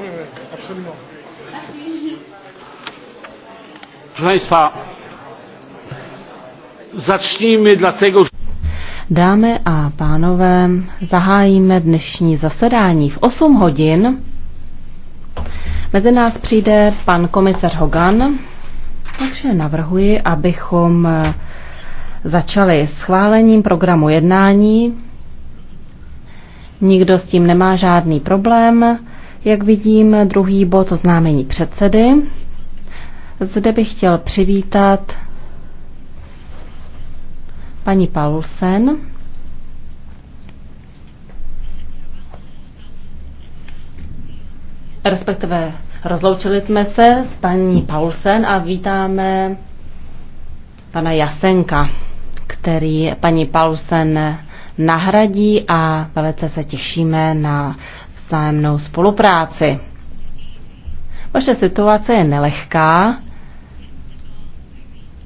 oui, absolument. Proszę Państwa, zacznijmy dlatego, że... Dámy a pánové, zahájíme dnešní zasedání v 8 hodin. Mezi nás přijde pan komisař Hogan, takže navrhuji, abychom začali schválením programu jednání. Nikdo s tím nemá žádný problém. Jak vidím, druhý bod oznámení předsedy. Zde bych chtěl přivítat paní Paulsen, respektive rozloučili jsme se s paní Paulsen a vítáme pana Jasenka, který paní Paulsen nahradí a velice se těšíme na vzájemnou spolupráci. Vaše situace je nelehká,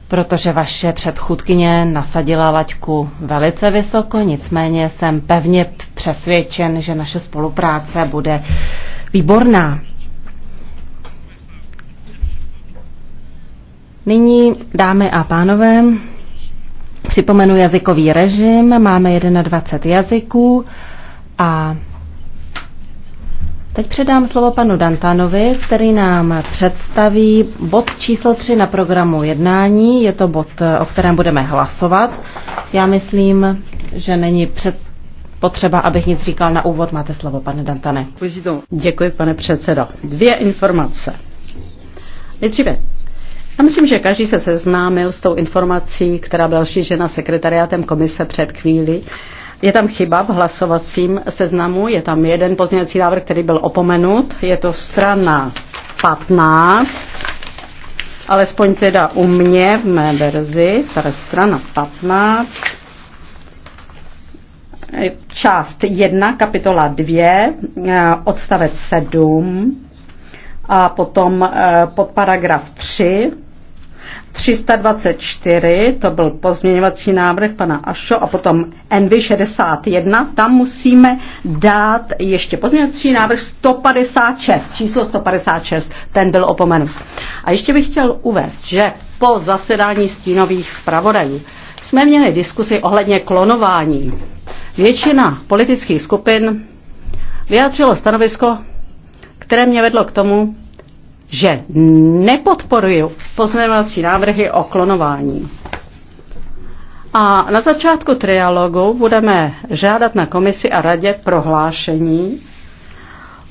protože vaše předchůdkyně nasadila laťku velice vysoko, nicméně jsem pevně přesvědčen, že naše spolupráce bude výborná. Nyní, dámy a pánové, připomenu jazykový režim. Máme 21 jazyků a Teď předám slovo panu Dantanovi, který nám představí bod číslo 3 na programu jednání. Je to bod, o kterém budeme hlasovat. Já myslím, že není před potřeba, abych nic říkal na úvod. Máte slovo, pane Dantane. Děkuji, pane předsedo. Dvě informace. Nejdříve, já myslím, že každý se seznámil s tou informací, která byla šířena sekretariátem komise před chvíli je tam chyba v hlasovacím seznamu, je tam jeden pozměňovací návrh, který byl opomenut, je to strana 15, alespoň teda u mě v mé verzi, tady strana 15, část 1, kapitola 2, eh, odstavec 7 a potom eh, podparagraf 3, 324, to byl pozměňovací návrh pana Ašo a potom NV 61, tam musíme dát ještě pozměňovací návrh 156, číslo 156, ten byl opomenut. A ještě bych chtěl uvést, že po zasedání stínových zpravodajů jsme měli diskusi ohledně klonování. Většina politických skupin vyjádřilo stanovisko, které mě vedlo k tomu, že nepodporuji pozměňovací návrhy o klonování. A na začátku trialogu budeme žádat na komisi a radě prohlášení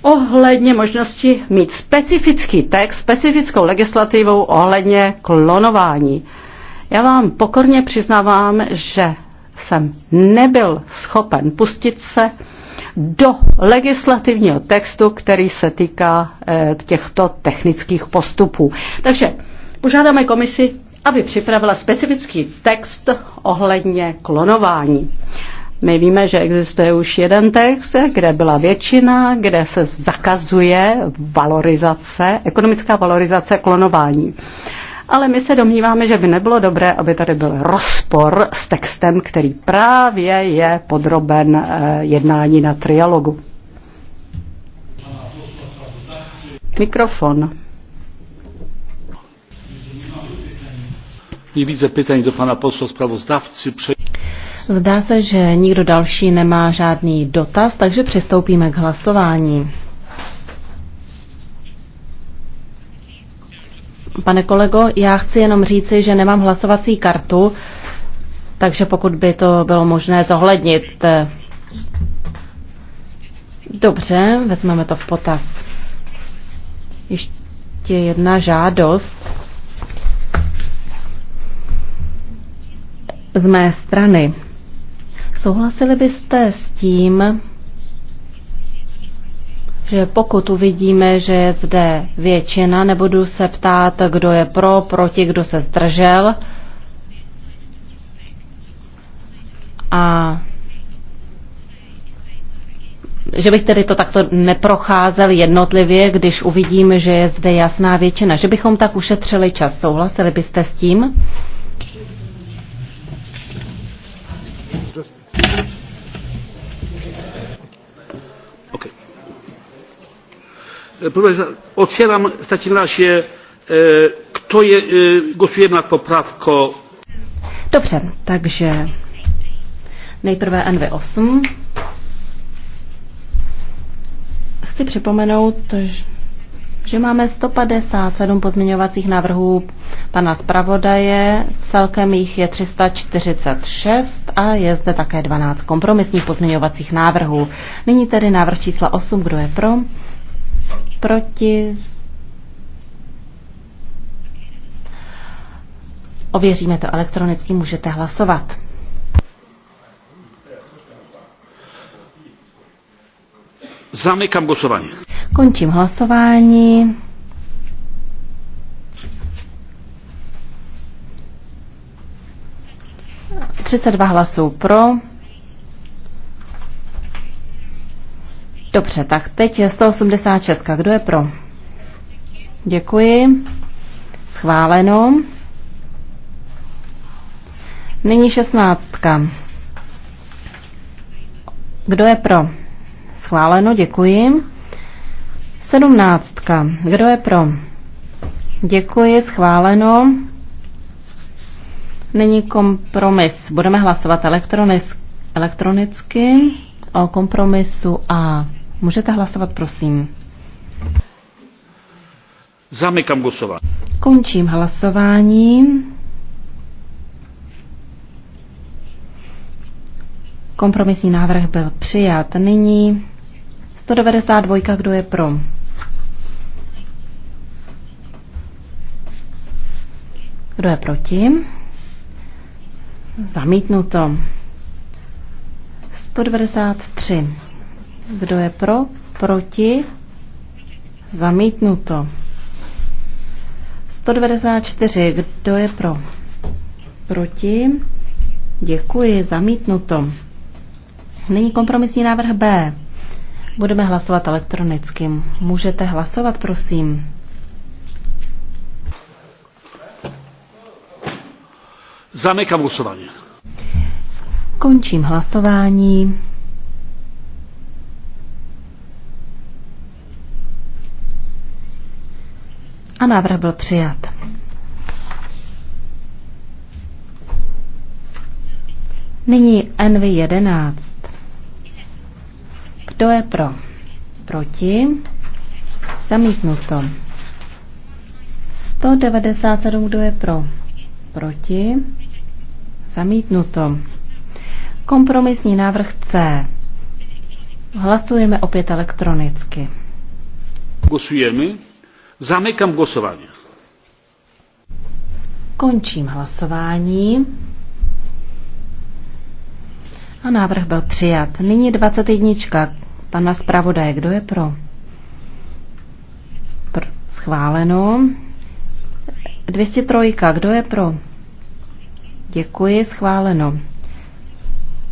ohledně možnosti mít specifický text, specifickou legislativou ohledně klonování. Já vám pokorně přiznávám, že jsem nebyl schopen pustit se do legislativního textu, který se týká eh, těchto technických postupů. Takže požádáme komisi, aby připravila specifický text ohledně klonování. My víme, že existuje už jeden text, kde byla většina, kde se zakazuje valorizace, ekonomická valorizace klonování ale my se domníváme, že by nebylo dobré, aby tady byl rozpor s textem, který právě je podroben eh, jednání na trialogu. Mikrofon. Nevidím pytání do pana posla sprawozdawcy. Zdá se, že nikdo další nemá žádný dotaz, takže přistoupíme k hlasování. Pane kolego, já chci jenom říci, že nemám hlasovací kartu, takže pokud by to bylo možné zohlednit. Dobře, vezmeme to v potaz. Ještě jedna žádost z mé strany. Souhlasili byste s tím, že pokud uvidíme, že je zde většina, nebudu se ptát, kdo je pro, proti, kdo se zdržel. A že bych tedy to takto neprocházel jednotlivě, když uvidím, že je zde jasná většina. Že bychom tak ušetřili čas. Souhlasili byste s tím? E, otwieram w takim razie e, kto je, e, głosujemy nad poprawką. Dobrze, takže nejprve nw 8 Chci připomenout, že máme 157 pozměňovacích návrhů pana zpravodaje, celkem jich je 346 a je zde také 12 kompromisních pozměňovacích návrhů. Nyní tedy návrh čísla 8, kdo je pro? proti. Ověříme to elektronicky, můžete hlasovat. Zamykám hlasování. Končím hlasování. Třicet dva hlasů pro, Dobře, tak teď je 186. Kdo je pro? Děkuji. Schváleno. Nyní 16. Kdo je pro? Schváleno, děkuji. 17. Kdo je pro? Děkuji, schváleno. Není kompromis. Budeme hlasovat elektronicky o kompromisu A. Můžete hlasovat, prosím. Zamykám hlasování. Končím hlasování. Kompromisní návrh byl přijat. Nyní 192, kdo je pro? Kdo je proti? Zamítnuto. 193. Kdo je pro? Proti? Zamítnuto. 194. Kdo je pro? Proti? Děkuji. Zamítnuto. Nyní kompromisní návrh B. Budeme hlasovat elektronicky. Můžete hlasovat, prosím. Zamykám hlasování. Končím hlasování. a návrh byl přijat. Nyní NV11. Kdo je pro? Proti? Zamítnuto. 197, kdo je pro? Proti? Zamítnuto. Kompromisní návrh C. Hlasujeme opět elektronicky. Głosujemy. Zamykam głosowanie. Končím hlasování. A návrh byl přijat. Nyní 21. Pana zpravodaje, kdo je pro? Pro schváleno. 203. Kdo je pro? Děkuji, schváleno.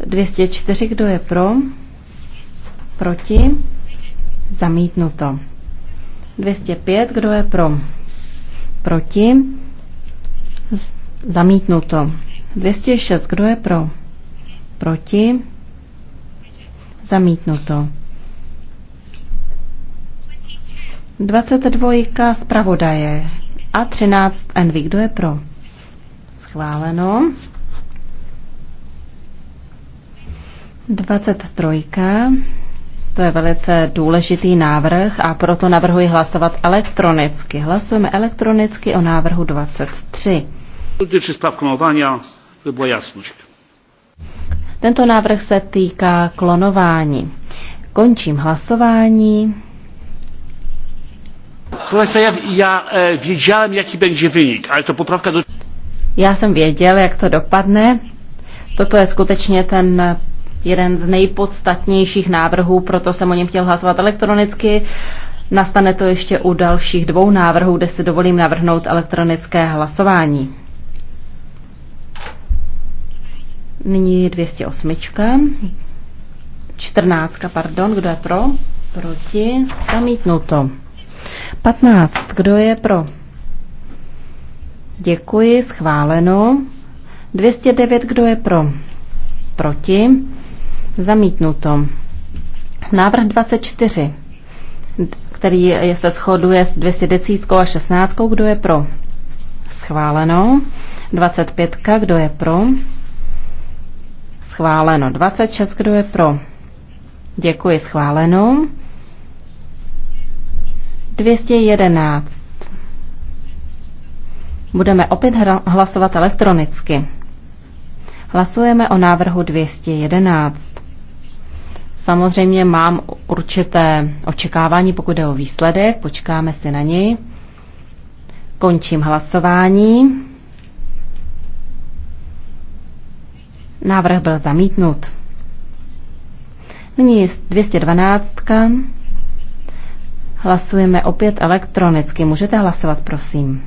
204. Kdo je pro? Proti? Zamítnuto. 205, kdo je pro? Proti? Zamítnuto. 206, kdo je pro? Proti? Zamítnuto. 22 zpravodaje a 13 envy. Kdo je pro? Schváleno. 23 to je velice důležitý návrh a proto navrhuji hlasovat elektronicky. Hlasujeme elektronicky o návrhu 23. Dotyczy by byla Tento návrh se týká klonování. Končím hlasování. Proszę Państwa, já věděl e, wiedziałem, jaki ale to poprawka do... Já jsem věděl, jak to dopadne. Toto je skutečně ten jeden z nejpodstatnějších návrhů, proto jsem o něm chtěl hlasovat elektronicky. Nastane to ještě u dalších dvou návrhů, kde si dovolím navrhnout elektronické hlasování. Nyní 208. 14, pardon, kdo je pro? Proti, zamítnuto. 15, kdo je pro? Děkuji, schváleno. 209, kdo je pro? Proti, Zamítnuto. Návrh 24, který je, se shoduje s 210 a 16, kdo je pro? Schváleno. 25, kdo je pro? Schváleno. 26, kdo je pro? Děkuji, schváleno. 211. Budeme opět hlasovat elektronicky. Hlasujeme o návrhu 211. Samozřejmě mám určité očekávání, pokud jde o výsledek, počkáme si na něj. Končím hlasování. Návrh byl zamítnut. Nyní je 212. Hlasujeme opět elektronicky. Můžete hlasovat, prosím.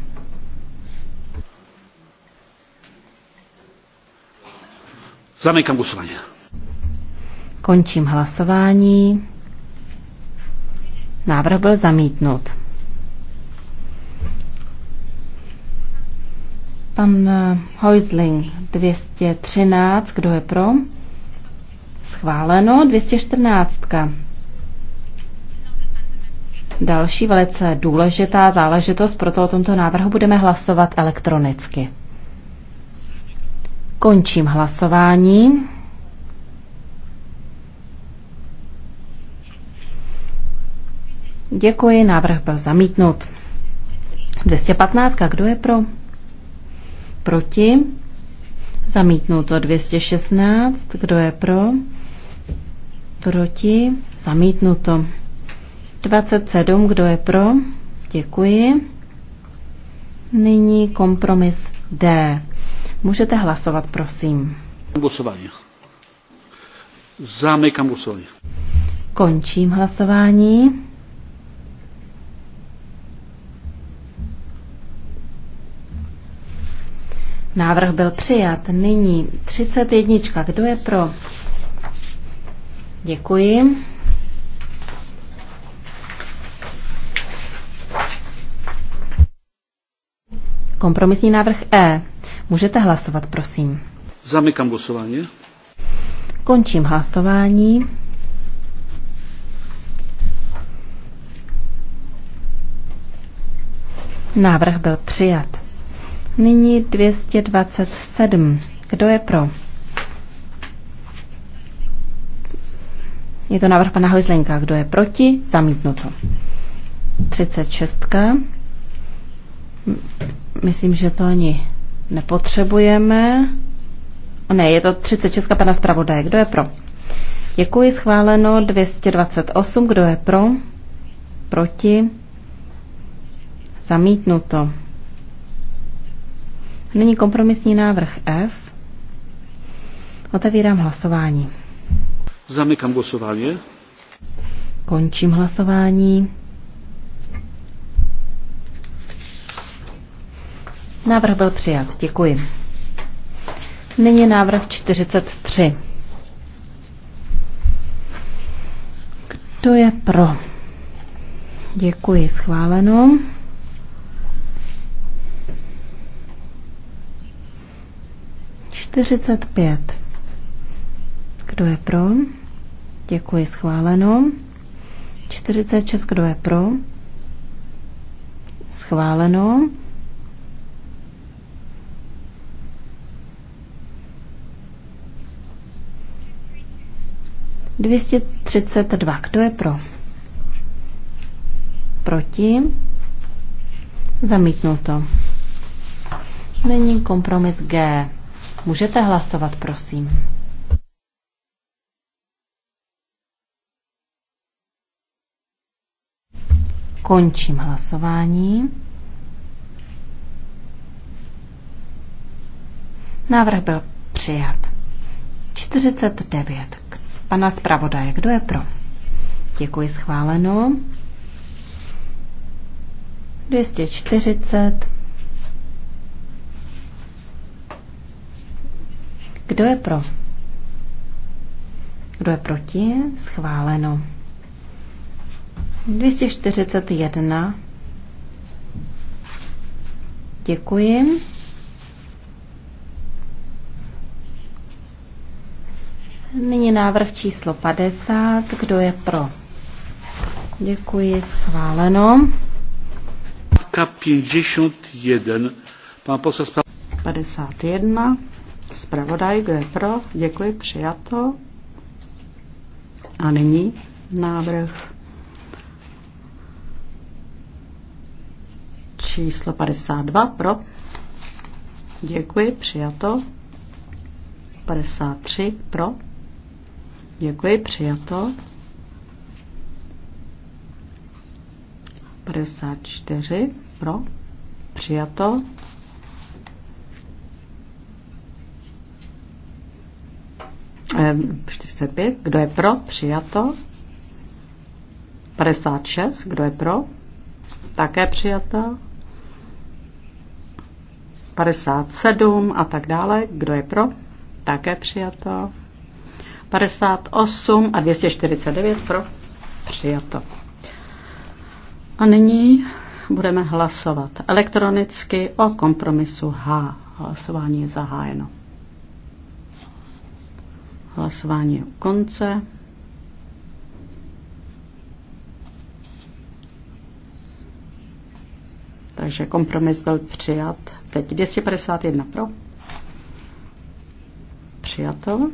Zamykám hlasování. Končím hlasování. Návrh byl zamítnut. Pan Heusling eh, 213, kdo je pro? Schváleno 214. Další velice důležitá záležitost, proto o tomto návrhu budeme hlasovat elektronicky. Končím hlasování. Děkuji, návrh byl zamítnut. 215, kdo je pro? Proti? Zamítnuto 216, kdo je pro? Proti? Zamítnuto. 27, kdo je pro? Děkuji. Nyní kompromis D. Můžete hlasovat, prosím. Hlasování. Zamykám hlasování. Končím hlasování. Návrh byl přijat. Nyní 31. Kdo je pro? Děkuji. Kompromisní návrh E. Můžete hlasovat, prosím. Zamykám hlasování. Končím hlasování. Návrh byl přijat. Nyní 227. Kdo je pro? Je to návrh pana Hojzlenka. Kdo je proti? Zamítnuto. 36. Myslím, že to ani nepotřebujeme. Ne, je to 36 pana zpravodaje. Kdo je pro? Děkuji, schváleno 228. Kdo je pro? Proti? Zamítnuto. Nyní kompromisní návrh F. Otevírám hlasování. Zamykám hlasování. Končím hlasování. Návrh byl přijat. Děkuji. Nyní návrh 43. Kdo je pro? Děkuji, schváleno. 45. Kdo je pro? Děkuji, schváleno. 46. Kdo je pro? Schváleno. 232. Kdo je pro? Proti? Zamítnuto. Není kompromis G. Můžete hlasovat, prosím. Končím hlasování. Návrh byl přijat. 49. Pana zpravodaje, kdo je pro? Děkuji, schváleno. 240. Kdo je pro? Kdo je proti? Schváleno. 241. Děkuji. Nyní návrh číslo 50. Kdo je pro? Děkuji, schváleno. 51. Pan poslanec. 51. Zpravodaj, kdo je pro? Děkuji, přijato. A nyní návrh číslo 52 pro. Děkuji, přijato. 53 pro. Děkuji, přijato. 54 pro. Přijato. 45, kdo je pro, přijato. 56, kdo je pro, také přijato. 57 a tak dále, kdo je pro, také přijato. 58 a 249 pro, přijato. A nyní budeme hlasovat elektronicky o kompromisu H. Hlasování je zahájeno. Hlasování je u konce. Takže kompromis byl přijat. Teď 251 pro. Přijato.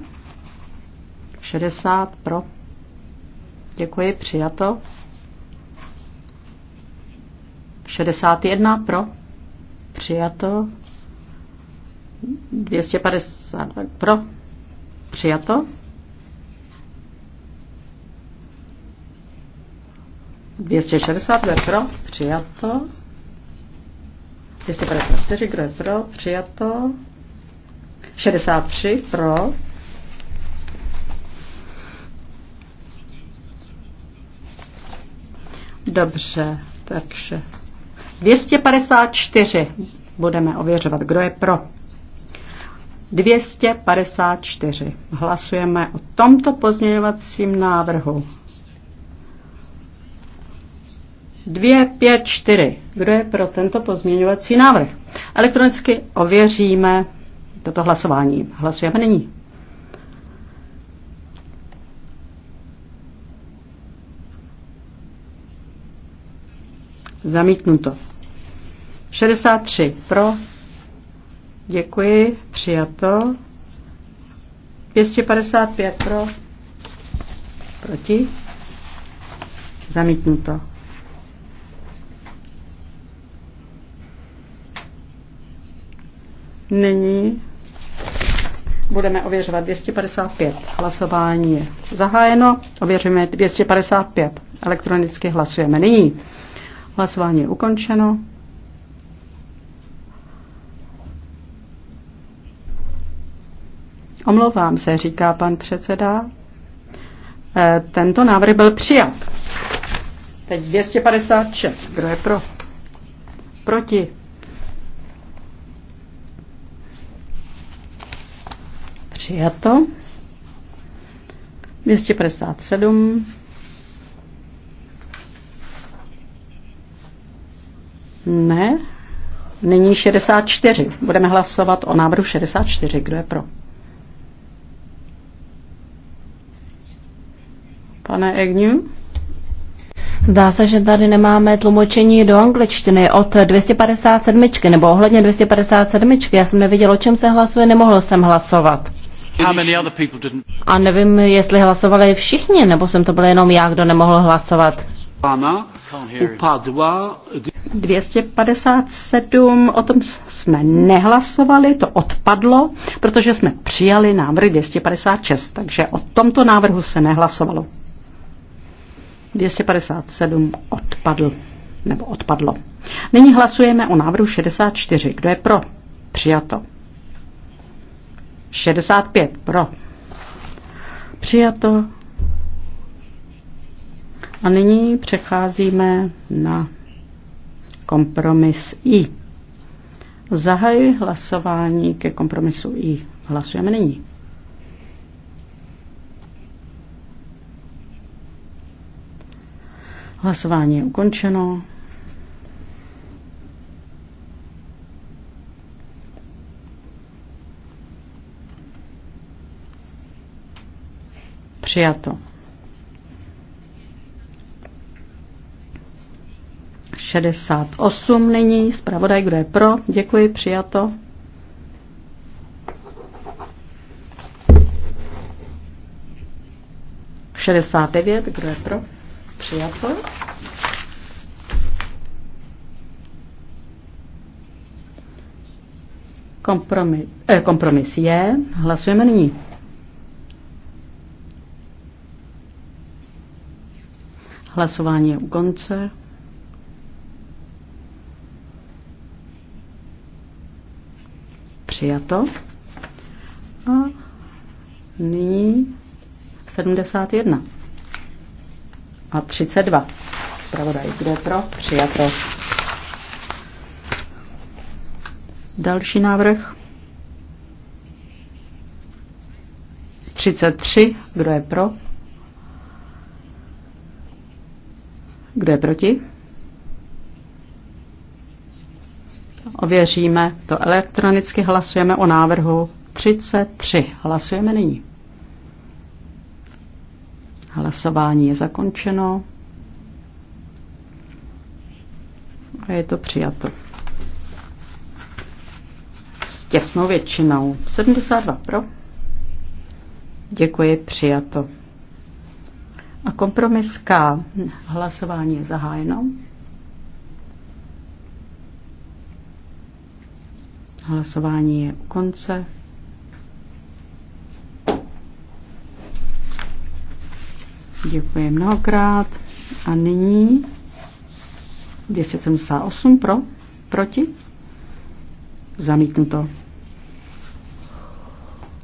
60 pro. Děkuji, přijato. 61 pro. Přijato. 252 pro Přijato. Dvěstě šedesát, kdo je pro? Přijato. 254, kdo je pro? Přijato. šedesát tři pro. Dobře, takže 254 budeme ověřovat, kdo je pro. 254. Hlasujeme o tomto pozměňovacím návrhu. 254. Kdo je pro tento pozměňovací návrh? Elektronicky ověříme toto hlasování. Hlasujeme nyní. Zamítnuto. 63 pro, Děkuji, přijato. 255 pro, proti, zamítnuto. Nyní budeme ověřovat 255. Hlasování je zahájeno, ověříme 255. Elektronicky hlasujeme nyní. Hlasování je ukončeno. Omlouvám se, říká pan předseda. Eh, tento návrh byl přijat. Teď 256. Kdo je pro? Proti? Přijato. 257. Ne. Nyní 64. Budeme hlasovat o návrhu 64. Kdo je pro? Pane Egnu? Zdá se, že tady nemáme tlumočení do angličtiny od 257, nebo ohledně 257. Já jsem neviděl, o čem se hlasuje, nemohl jsem hlasovat. A nevím, jestli hlasovali všichni, nebo jsem to byl jenom já, kdo nemohl hlasovat. 257, o tom jsme nehlasovali, to odpadlo, protože jsme přijali návrh 256, takže o tomto návrhu se nehlasovalo. 257 odpadl, nebo odpadlo. Nyní hlasujeme o návrhu 64. Kdo je pro? Přijato. 65 pro. Přijato. A nyní přecházíme na kompromis I. Zahajuji hlasování ke kompromisu I. Hlasujeme nyní. Hlasování je ukončeno. Přijato. 68 nyní. Zpravodaj, kdo je pro? Děkuji, přijato. Šedesát devět, kdo je pro? Přijato. Kompromis, eh, kompromis je. Hlasujeme nyní. Hlasování je u konce. Přijato. A nyní 71 a 32. Zpravodaj, kdo je pro? Přijato. Další návrh. 33. Kdo je pro? Kdo je proti? Ověříme to elektronicky, hlasujeme o návrhu 33. Hlasujeme nyní. Hlasování je zakončeno. A je to přijato. S těsnou většinou. 72 pro. Děkuji, přijato. A kompromis K. Hlasování je zahájeno. Hlasování je u konce. Děkuji mnohokrát. A nyní 278 pro, proti. Zamítnuto.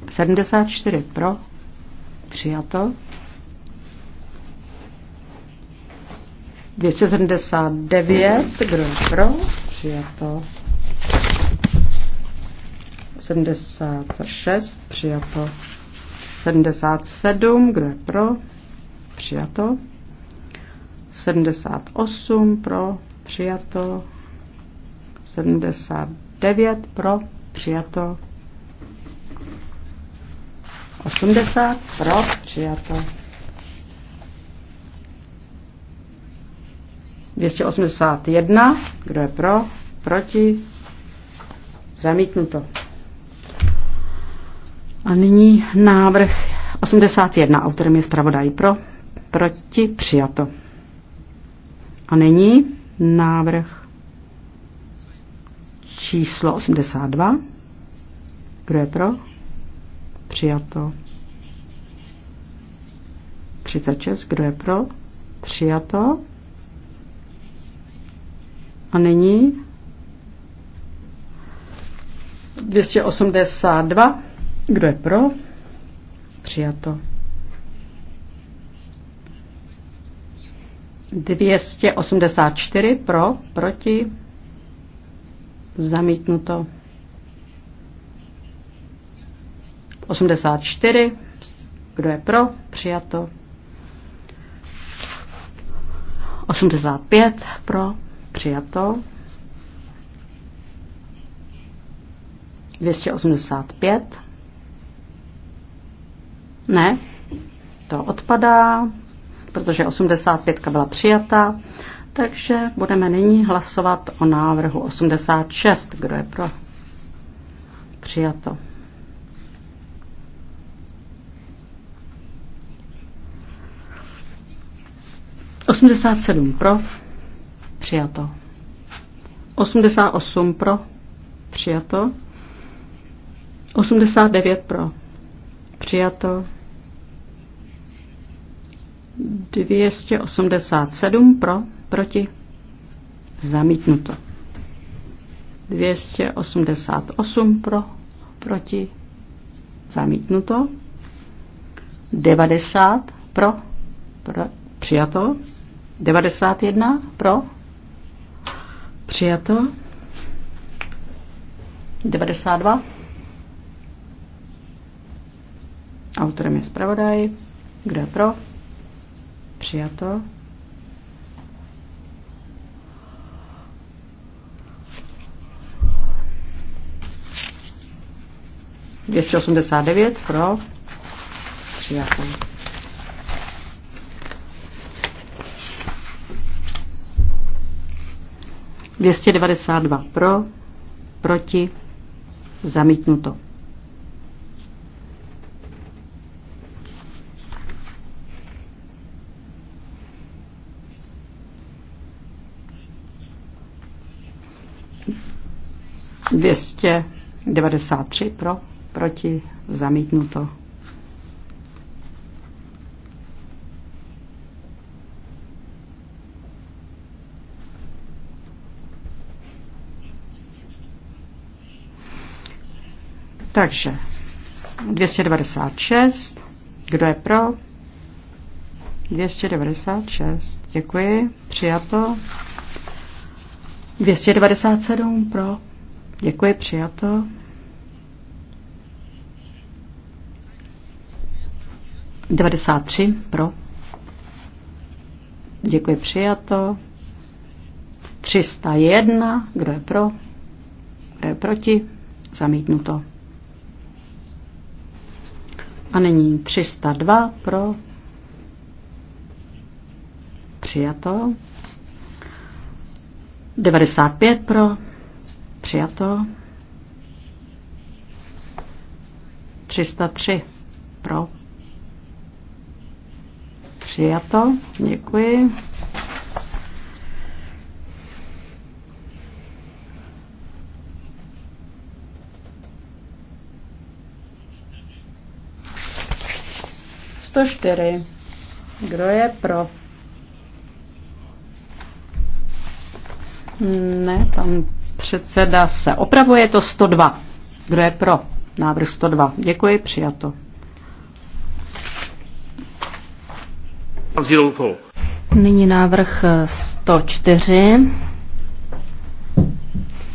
74 pro, přijato. 279, kdo je pro, přijato. 76, přijato. 77, kdo je pro, přijato. 78 pro, přijato. 79 pro, přijato. 80 pro, přijato. 281, kdo je pro, proti, zamítnuto. A nyní návrh 81, autorem je zpravodaj pro, proti, přijato. A nyní návrh číslo 82. Kdo je pro? Přijato. 36. Kdo je pro? Přijato. A nyní 282. Kdo je pro? Přijato. 284 pro, proti, zamítnuto. 84, kdo je pro, přijato. 85 pro, přijato. 285. Ne, to odpadá protože 85 byla přijata. Takže budeme nyní hlasovat o návrhu 86. Kdo je pro? Přijato. Osmdesát sedm pro, přijato. Osmdesát osm pro, přijato. Osmdesát devět pro, přijato. 287 pro, proti, zamítnuto. 288 pro, proti, zamítnuto. 90 pro, pro přijato. 91 pro, přijato. 92. Autorem je zpravodaj. Kdo je pro? Přijato. Dvěstě osmdesát devět pro. Přijato. Dvěstě devadesát dva pro. Proti. Zamítnuto. 293 pro, proti, zamítnuto. Takže 296. Kdo je pro? 296. Děkuji. Přijato. 297 pro. Děkuji, přijato. Devadesát tři pro. Děkuji, přijato. 301, kdo je pro, kdo je proti, zamítnuto. A nyní 302 pro, přijato. 95 pro, Přijato. 303 pro. Přijato. Děkuji. Sto čtyři. Kdo je pro? Ne, tam předseda se opravuje, to 102. Kdo je pro? Návrh 102. Děkuji, přijato. Nyní návrh 104.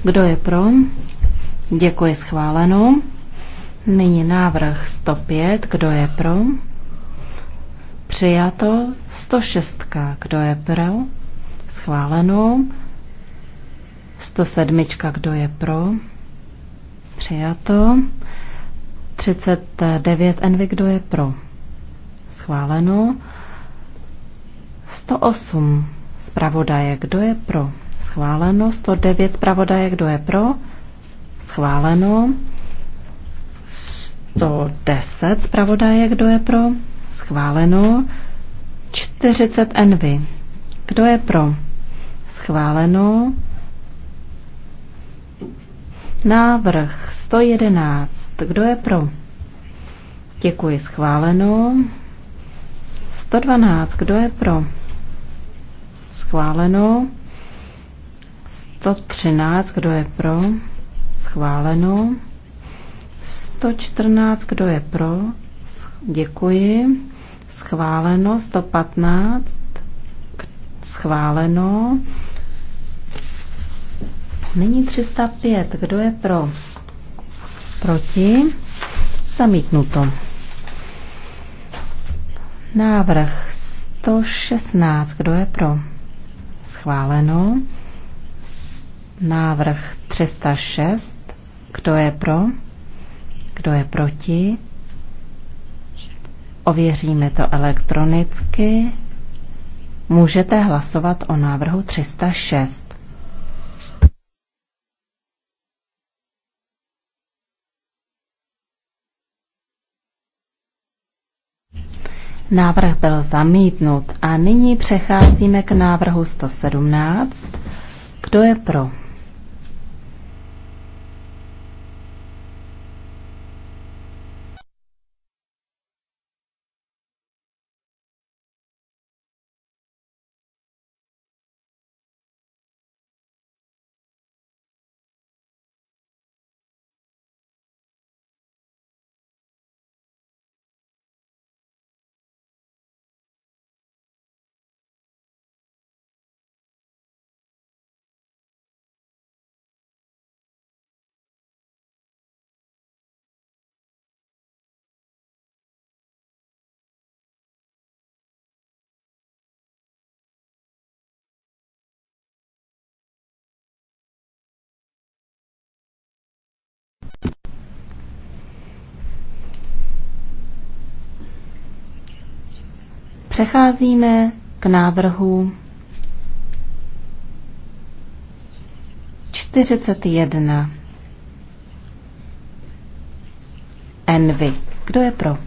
Kdo je pro? Děkuji, schváleno. Nyní návrh 105. Kdo je pro? Přijato 106. Kdo je pro? Schváleno. 107. Kdo je pro? Přijato. 39. Envy. Kdo je pro? Schváleno. 108. Zpravodaje. Kdo je pro? Schváleno. 109. Zpravodaje. Kdo je pro? Schváleno. 110. Zpravodaje. Kdo je pro? Schváleno. 40 envy. Kdo je pro? Schváleno. Návrh 111. Kdo je pro? Děkuji, schváleno. 112. Kdo je pro? Schváleno. 113. Kdo je pro? Schváleno. 114. Kdo je pro? Děkuji. Schváleno. 115. Schváleno. Nyní 305. Kdo je pro? Proti? Zamítnuto. Návrh 116. Kdo je pro? Schváleno. Návrh 306. Kdo je pro? Kdo je proti? Ověříme to elektronicky. Můžete hlasovat o návrhu 306. Návrh byl zamítnut a nyní přecházíme k návrhu 117. Kdo je pro? přecházíme k návrhu 41. Envy. Kdo je pro?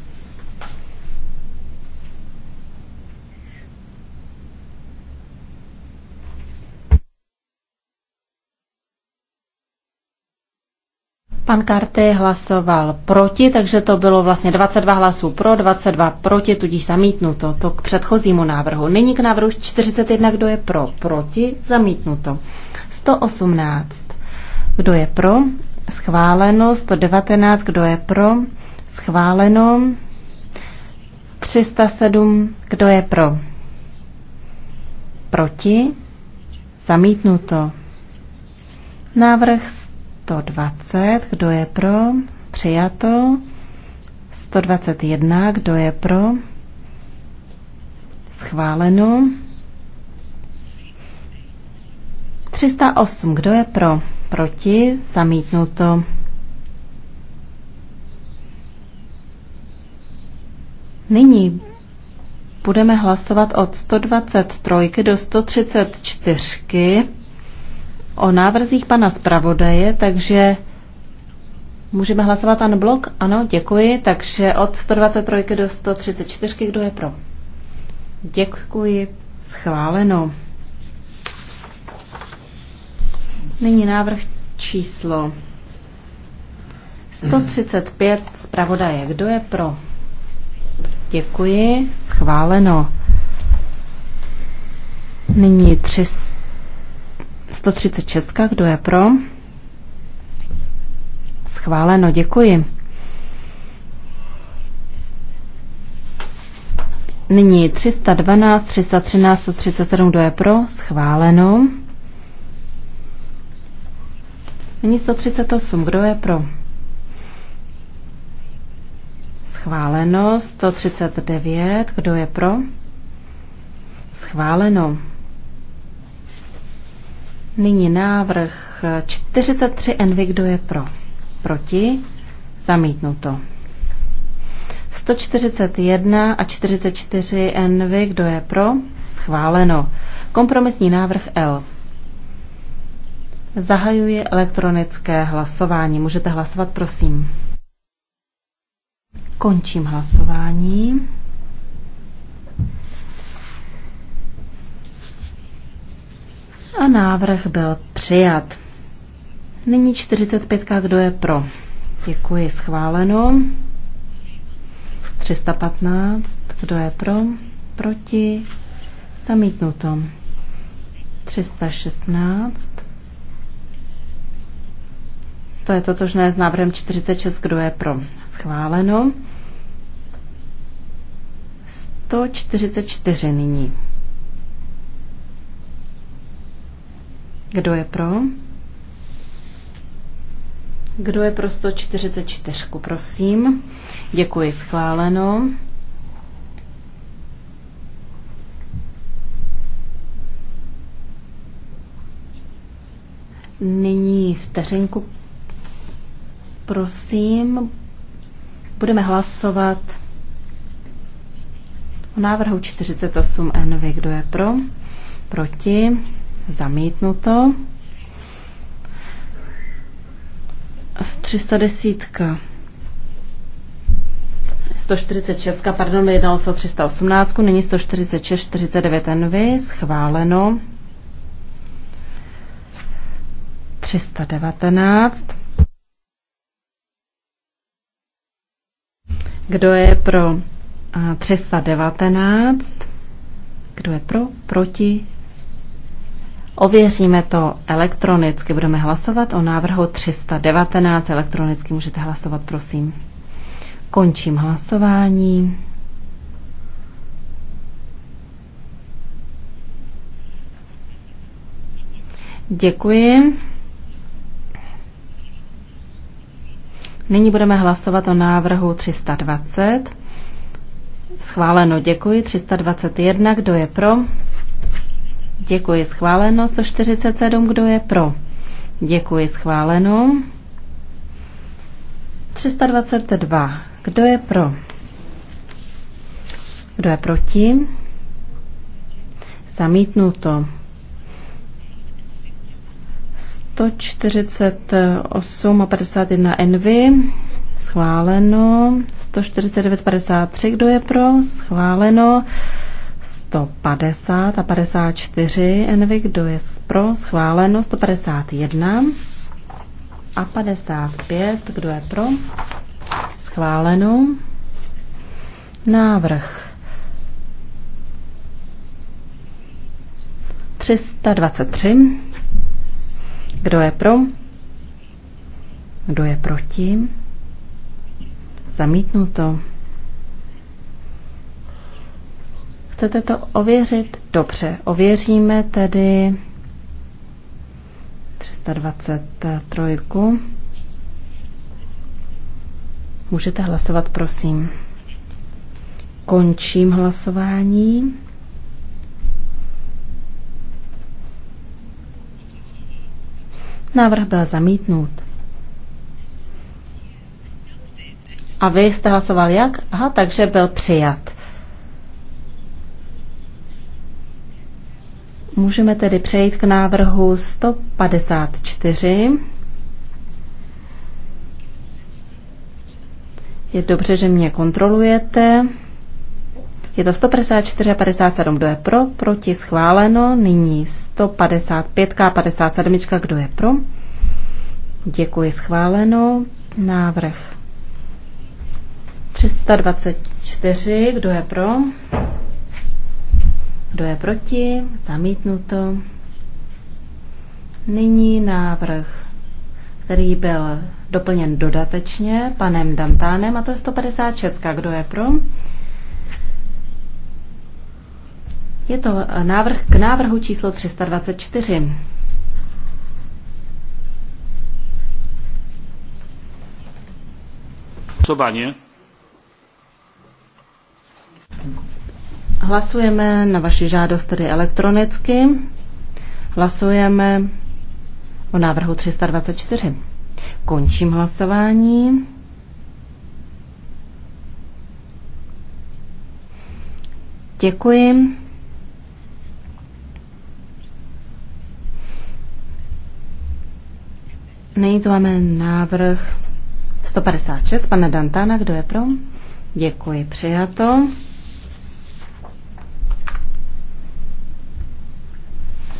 Pan Karty hlasoval proti, takže to bylo vlastně 22 hlasů pro, 22 proti, tudíž zamítnuto. To k předchozímu návrhu. Nyní k návrhu 41, kdo je pro, proti, zamítnuto. 118, kdo je pro, schváleno. 119, kdo je pro, schváleno. 307, kdo je pro, proti, zamítnuto. Návrh 120, kdo je pro, přijato. 121, kdo je pro, schváleno. 308, kdo je pro, proti, zamítnuto. Nyní budeme hlasovat od 123 do 134 o návrzích pana zpravodaje, takže můžeme hlasovat ten blok? Ano, děkuji. Takže od 123 do 134, kdo je pro? Děkuji. Schváleno. Nyní návrh číslo 135 zpravodaje. Kdo je pro? Děkuji. Schváleno. Nyní 300. 136. Kdo je pro? Schváleno, děkuji. Nyní 312, 313, 137, kdo je pro? Schváleno. Nyní 138, kdo je pro? Schváleno. 139, kdo je pro? Schváleno. Nyní návrh 43 Envy, kdo je pro? Proti? Zamítnuto. 141 a 44 Envy, kdo je pro? Schváleno. Kompromisní návrh L. Zahajuji elektronické hlasování. Můžete hlasovat, prosím. Končím hlasování. A návrh byl přijat. Nyní 45. Kdo je pro? Děkuji, schváleno. 315. Kdo je pro? Proti? Zamítnuto. 316. To je totožné s návrhem 46. Kdo je pro? Schváleno. 144 nyní. Kdo je pro? Kdo je pro 144, prosím? Děkuji, schváleno. Nyní vteřinku, prosím. Budeme hlasovat o návrhu 48 NV. Kdo je pro? Proti? zamítnuto. 310. 146, pardon, vyjednalo se o 318, nyní 146, 49 envy, schváleno. 319. Kdo je pro 319? Kdo je pro? Proti? Ověříme to elektronicky. Budeme hlasovat o návrhu 319. Elektronicky můžete hlasovat, prosím. Končím hlasování. Děkuji. Nyní budeme hlasovat o návrhu 320. Schváleno, děkuji. 321, kdo je pro? Děkuji schváleno. 147, kdo je pro? Děkuji schváleno. 322, kdo je pro? Kdo je proti? Zamítnuto. 148 a 51 envy. Schváleno. 149. 53, Kdo je pro? Schváleno. 150 a 54 envy, kdo je pro, schváleno 151 a 55, kdo je pro, schváleno. Návrh 323. Kdo je pro? Kdo je proti? Zamítnuto. Chcete to ověřit? Dobře, ověříme tedy 323. Můžete hlasovat, prosím. Končím hlasování. Návrh byl zamítnut. A vy jste hlasoval jak? Aha, takže byl přijat. Můžeme tedy přejít k návrhu 154. Je dobře, že mě kontrolujete. Je to 154 a 57, kdo je pro, proti schváleno. Nyní 155 a 57, kdo je pro. Děkuji, schváleno. Návrh 324, kdo je pro? Kdo je proti? Zamítnuto. Nyní návrh, který byl doplněn dodatečně panem Dantánem, a to je 156. Kdo je pro? Je to návrh k návrhu číslo 324. Hlasování. Hlasujeme na vaši žádost tedy elektronicky. Hlasujeme o návrhu 324. Končím hlasování. Děkuji. Nyní tu máme návrh 156 pane Dantana. Kdo je pro? Děkuji, přijato.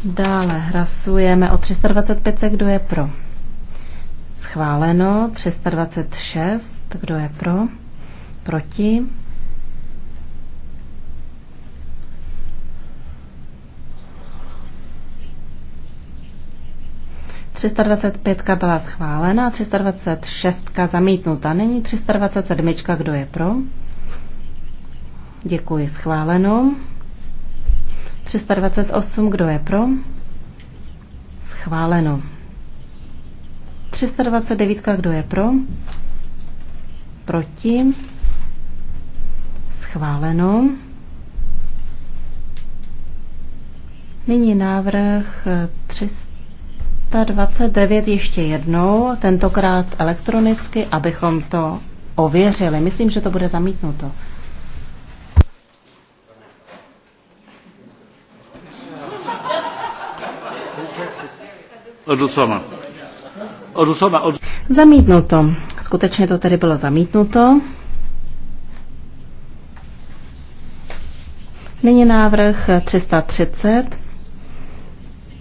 Dále hlasujeme o 325, kdo je pro. Schváleno 326, kdo je pro, proti. ...325 byla schválena, 326 zamítnuta. Není 327, kdo je pro? Děkuji, schváleno. 328, kdo je pro? Schváleno. 329, kdo je pro? Proti? Schváleno. Nyní návrh 329 eh, ještě jednou, tentokrát elektronicky, abychom to ověřili. Myslím, že to bude zamítnuto. Od... Zamítnuto. Skutečně to tedy bylo zamítnuto. Nyní návrh 330.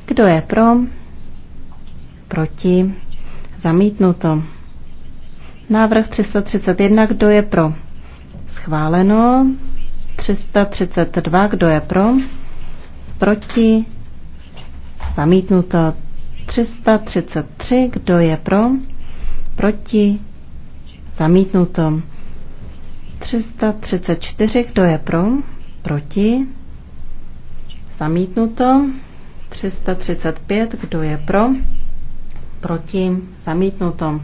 Kdo je pro? Proti? Zamítnuto. Návrh 331. Kdo je pro? Schváleno. 332. Kdo je pro? Proti? Zamítnuto. 333, kdo je pro, proti, zamítnuto. 334, kdo je pro, proti, zamítnuto. 335, kdo je pro, proti, zamítnuto.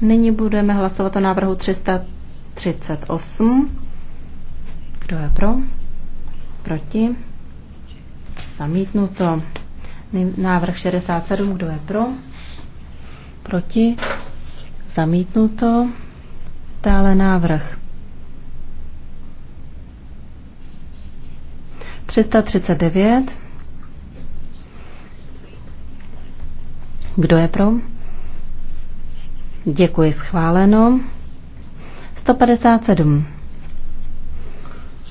Nyní budeme hlasovat o návrhu 338. Kdo je pro? Proti? Zamítnuto. Návrh 67, kdo je pro? Proti? Zamítnuto. Dále návrh 339. Kdo je pro? Děkuji, schváleno. 157.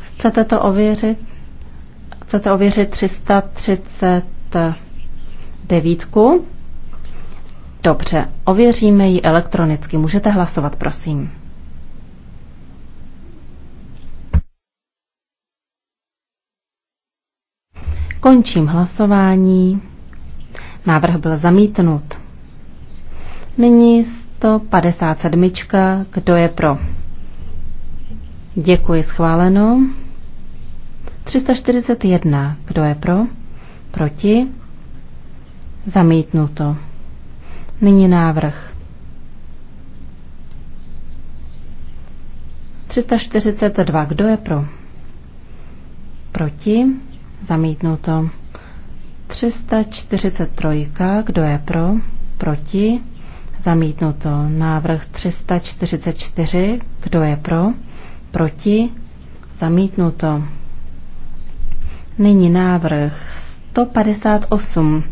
Chcete to ověřit? Chcete ověřit 339? Dobře, ověříme ji elektronicky. Můžete hlasovat, prosím. Končím hlasování. Návrh byl zamítnut. Nyní 157. Kdo je pro? Děkuji, schváleno. 341. Kdo je pro? Proti? Zamítnuto. Nyní návrh. 342. Kdo je pro? Proti? Zamítnuto. 343. Kdo je pro? Proti? Zamítnuto. Návrh 344. Kdo je pro? Proti? Zamítnuto. Nyní návrh 158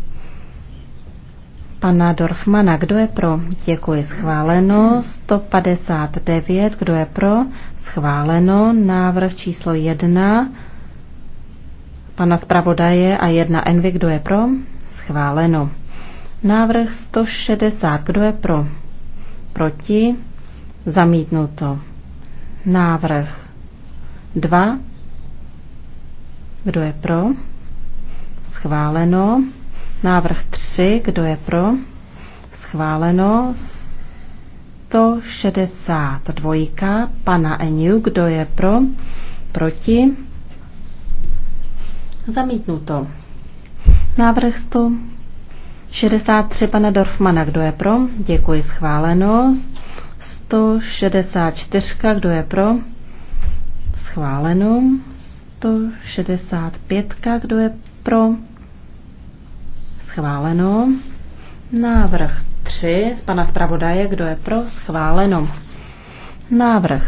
pana Dorfmana. Kdo je pro? Děkuji, schváleno. 159, kdo je pro? Schváleno. Návrh číslo 1 pana zpravodaje a 1 Envy, kdo je pro? Schváleno. Návrh 160, kdo je pro? Proti? Zamítnuto. Návrh 2 kdo je pro? Schváleno. Návrh 3. Kdo je pro? Schváleno. 162. Pana Eniu. Kdo je pro? Proti? Zamítnuto. Návrh 163. Pana Dorfmana. Kdo je pro? Děkuji. Schváleno. 164. Kdo je pro? Schváleno. 165. Kdo je pro? Schváleno. Návrh 3 z pana zpravodaje. Kdo je pro? Schváleno. Návrh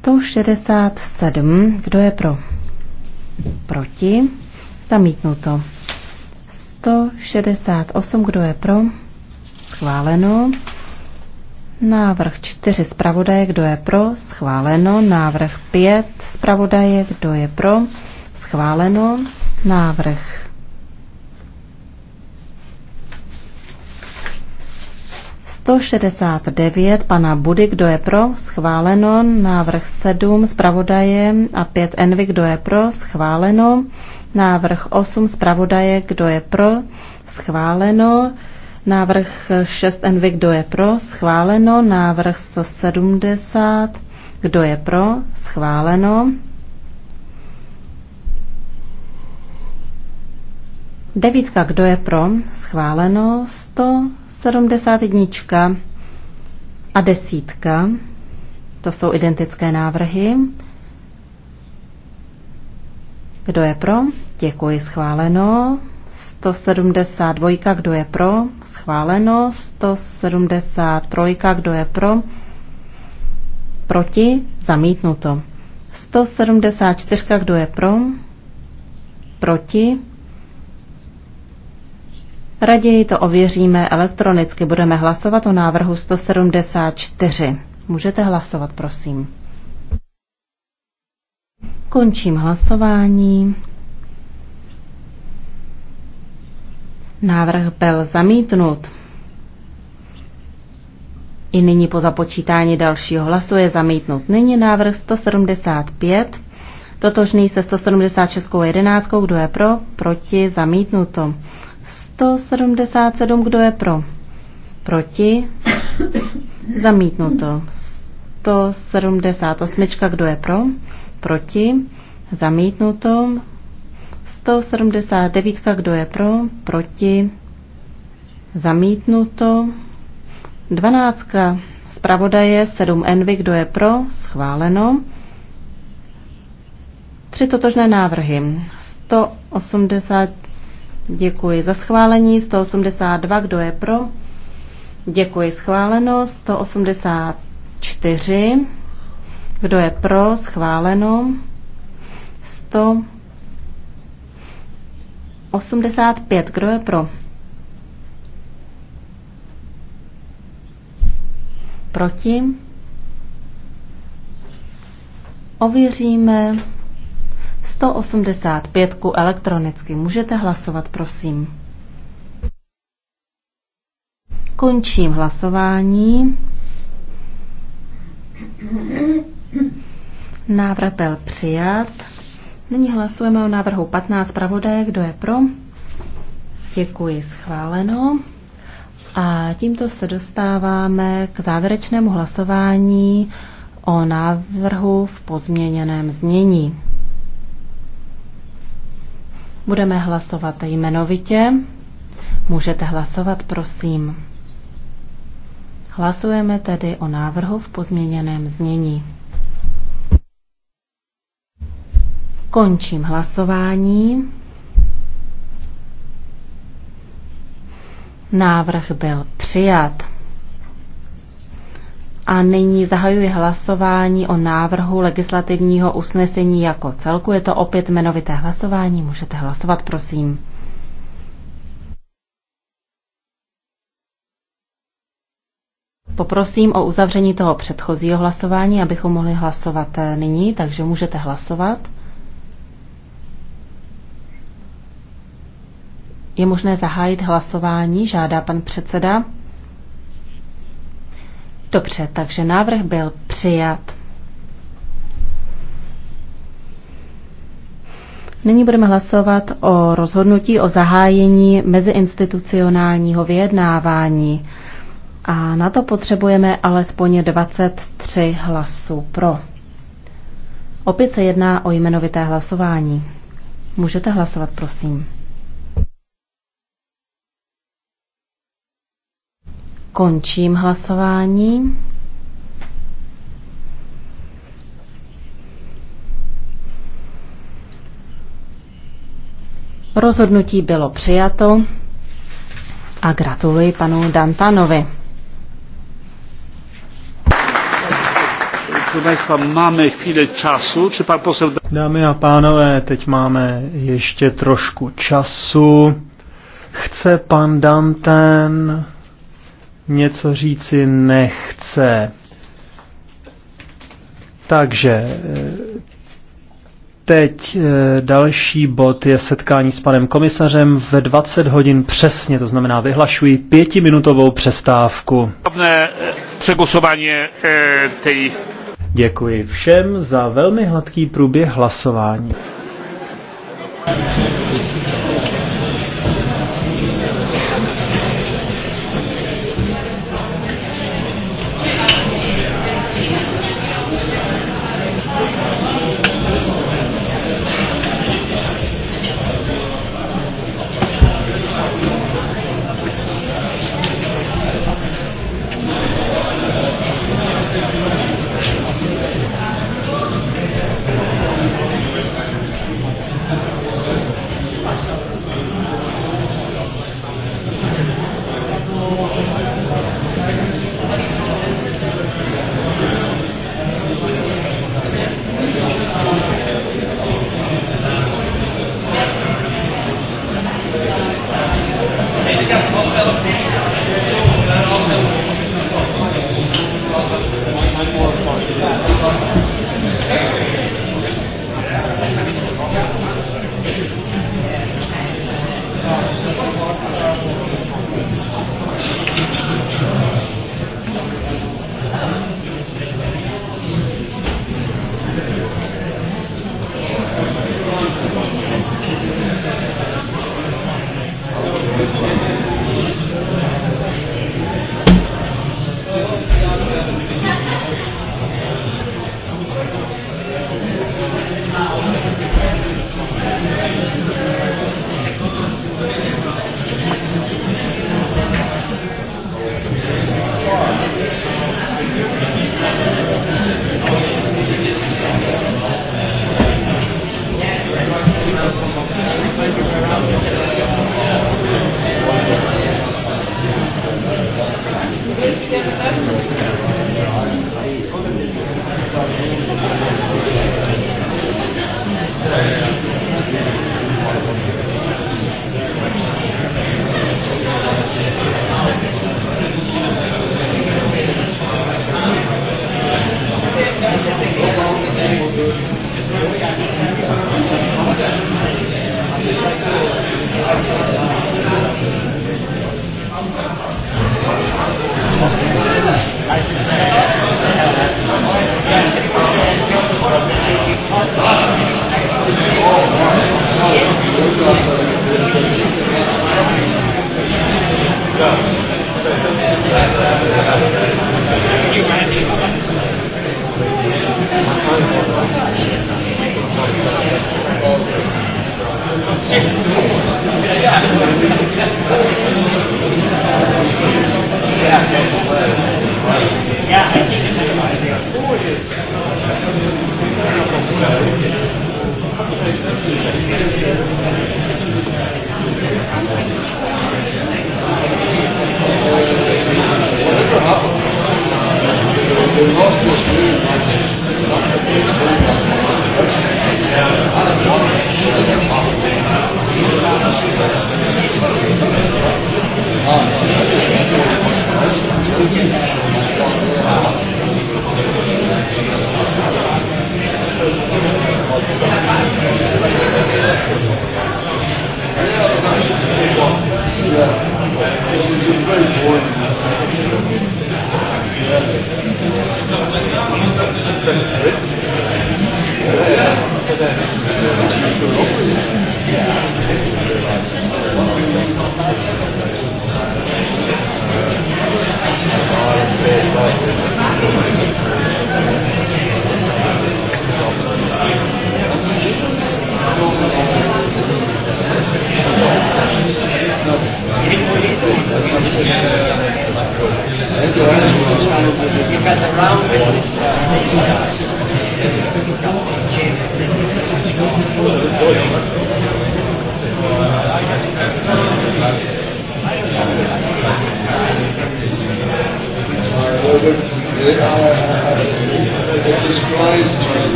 To 67. Kdo je pro? Proti. Zamítnuto. 168. Kdo je pro? Schváleno. Návrh 4 zpravodaje, kdo je pro, schváleno. Návrh 5 zpravodaje, kdo je pro, schváleno. Návrh 169 pana Budy, kdo je pro, schváleno. Návrh 7 zpravodaje a 5 Envy, kdo je pro, schváleno. Návrh 8 zpravodaje, kdo je pro, schváleno. Návrh 6 NV, kdo je pro, schváleno. Návrh 170, kdo je pro, schváleno. devítka kdo je pro, schváleno. 171 a desítka, to jsou identické návrhy. Kdo je pro? Děkuji, schváleno. 172, kdo je pro? schváleno. 173, kdo je pro? Proti? Zamítnuto. 174, kdo je pro? Proti? Raději to ověříme elektronicky. Budeme hlasovat o návrhu 174. Můžete hlasovat, prosím. Končím hlasování. Návrh byl zamítnut. I nyní po započítání dalšího hlasu je zamítnut. Nyní návrh 175, totožný se 176 11, kdo je pro, proti, zamítnuto. 177, kdo je pro, proti, zamítnuto. 178, kdo je pro, proti, zamítnuto. 179, kdo je pro, proti, zamítnuto. 12. Zpravodaje 7 Envy, kdo je pro, schváleno. Tři totožné návrhy. 180, děkuji za schválení. 182, kdo je pro, děkuji schváleno. 184, kdo je pro, schváleno. 100 85. Kdo je pro? Proti? Ověříme 185 elektronicky. Můžete hlasovat, prosím. Končím hlasování. Návrh byl přijat. Nyní hlasujeme o návrhu 15 pravodaje. Kdo je pro? Děkuji, schváleno. A tímto se dostáváme k závěrečnému hlasování o návrhu v pozměněném znění. Budeme hlasovat jmenovitě. Můžete hlasovat, prosím. Hlasujeme tedy o návrhu v pozměněném znění. Končím hlasování. Návrh byl přijat. A nyní zahajuji hlasování o návrhu legislativního usnesení jako celku. Je to opět jmenovité hlasování. Můžete hlasovat, prosím. Poprosím o uzavření toho předchozího hlasování, abychom mohli hlasovat nyní, takže můžete hlasovat. Je možné zahájit hlasování, žádá pan předseda. Dobře, takže návrh byl přijat. Nyní budeme hlasovat o rozhodnutí o zahájení meziinstitucionálního vyjednávání. A na to potřebujeme alespoň 23 hlasů pro. Opět se jedná o jmenovité hlasování. Můžete hlasovat, prosím. Končím hlasování. Rozhodnutí bylo přijato a gratuluji panu Dantanovi. máme chvíli času. Či pan posel... Dámy a pánové, teď máme ještě trošku času. Chce pan Danten něco říci nechce. Takže eh, teď eh, další bod je setkání s panem komisařem ve 20 hodin přesně, to znamená vyhlašuji pětiminutovou přestávku. Eh, přegusování té. Děkuji všem za velmi hladký průběh hlasování.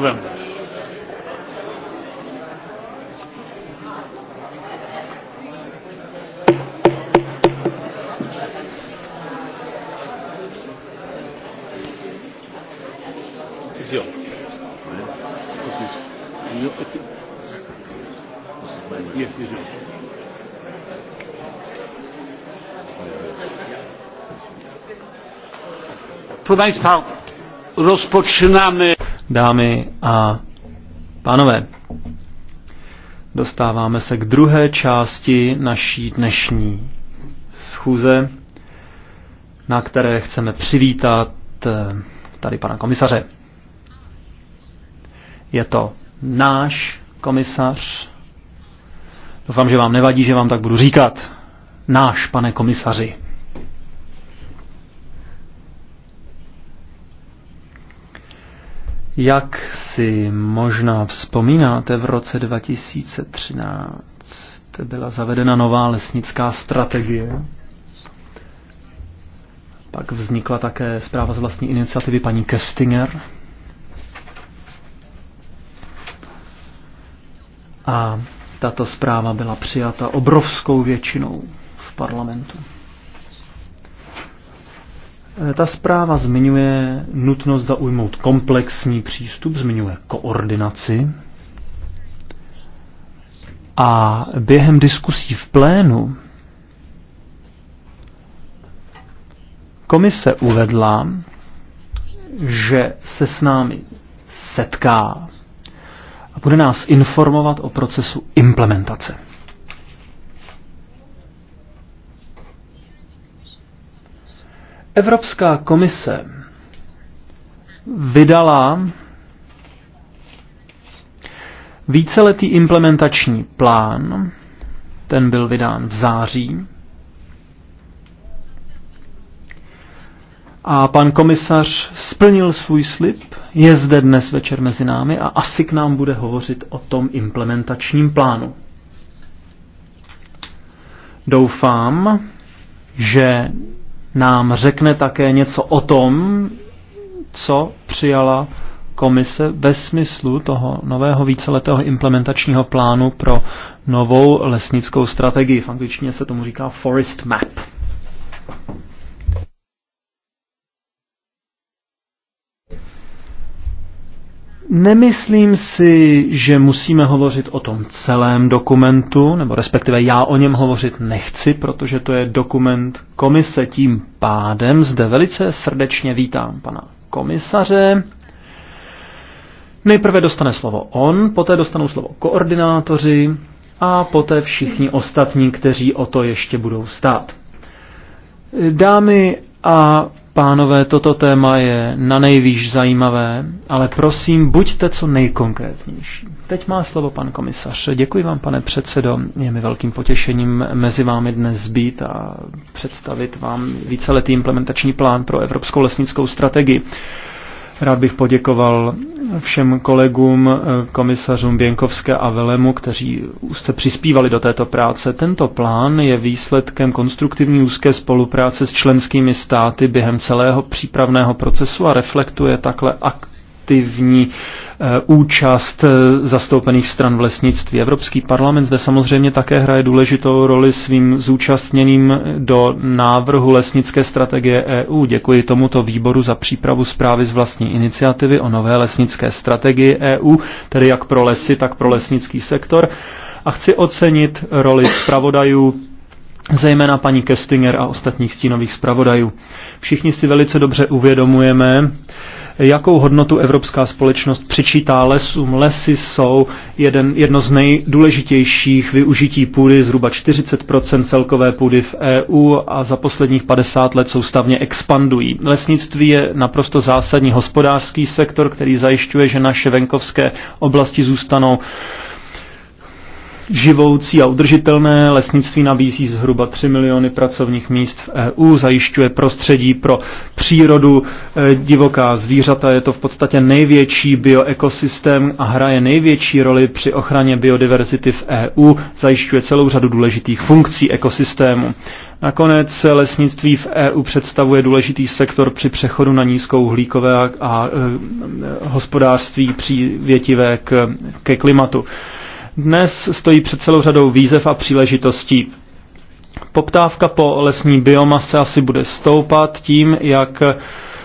slovem. Proszę Państwa, rozpoczynamy dámy a pánové. Dostáváme se k druhé části naší dnešní schůze, na které chceme přivítat eh, tady pana komisaře. Je to náš komisař. Doufám, že vám nevadí, že vám tak budu říkat. Náš, pane komisaři. Jak si možná vzpomínáte, v roce 2013 byla zavedena nová lesnická strategie. Pak vznikla také zpráva z vlastní iniciativy paní Kestinger. A tato zpráva byla přijata obrovskou většinou v parlamentu. Eh, ta zpráva zmiňuje nutnost zaujmout komplexní přístup, zmiňuje koordinaci a během diskusí v plénu komise uvedla, že se s námi setká a bude nás informovat o procesu implementace. Evropská komise vydala víceletý implementační plán, ten byl vydán v září. A pan komisař splnil svůj slib, je zde dnes večer mezi námi a asi k nám bude hovořit o tom implementačním plánu. Doufám, že nám řekne také něco o tom, co přijala komise ve smyslu toho nového víceletého implementačního plánu pro novou lesnickou strategii. V angličtině se tomu říká Forest Map. Nemyslím si, že musíme hovořit o tom celém dokumentu, nebo respektive já o něm hovořit nechci, protože to je dokument komise. Tím pádem zde velice srdečně vítám pana komisaře. Nejprve dostane slovo on, poté dostanou slovo koordinátoři a poté všichni ostatní, kteří o to ještě budou stát. Dámy a Pánové, toto téma je na nejvýš zajímavé, ale prosím, buďte co nejkonkrétnější. Teď má slovo pan komisař. Děkuji vám, pane předsedo. Je mi velkým potěšením mezi vámi dnes být a představit vám víceletý implementační plán pro Evropskou lesnickou strategii. Rád bych poděkoval všem kolegům, eh, komisařům Běnkovské a Velemu, kteří se přispívali do této práce. Tento plán je výsledkem konstruktivní úzké spolupráce s členskými státy během celého přípravného procesu a reflektuje takhle ak- aktivní eh, účast eh, zastoupených stran v lesnictví. Evropský parlament zde samozřejmě také hraje důležitou roli svým zúčastněným do návrhu lesnické strategie EU. Děkuji tomuto výboru za přípravu zprávy z vlastní iniciativy o nové lesnické strategii EU, tedy jak pro lesy, tak pro lesnický sektor. A chci ocenit roli zpravodajů zejména paní Kestinger a ostatních stínových zpravodajů. Všichni si velice dobře uvědomujeme, jakou hodnotu evropská společnost přičítá lesům. Lesy jsou jeden, jedno z nejdůležitějších využití půdy, zhruba 40% celkové půdy v EU a za posledních 50 let soustavně expandují. Lesnictví je naprosto zásadní hospodářský sektor, který zajišťuje, že naše venkovské oblasti zůstanou živoucí a udržitelné. Lesnictví nabízí zhruba 3 miliony pracovních míst v EU, zajišťuje prostředí pro přírodu, eh, divoká zvířata. Je to v podstatě největší bioekosystém a hraje největší roli při ochraně biodiverzity v EU, zajišťuje celou řadu důležitých funkcí ekosystému. Nakonec lesnictví v EU představuje důležitý sektor při přechodu na nízkou uhlíkové a, a, a e, hospodářství přívětivé k, ke klimatu. Dnes stojí před celou řadou výzev a příležitostí. Poptávka po lesní biomase asi bude stoupat tím, jak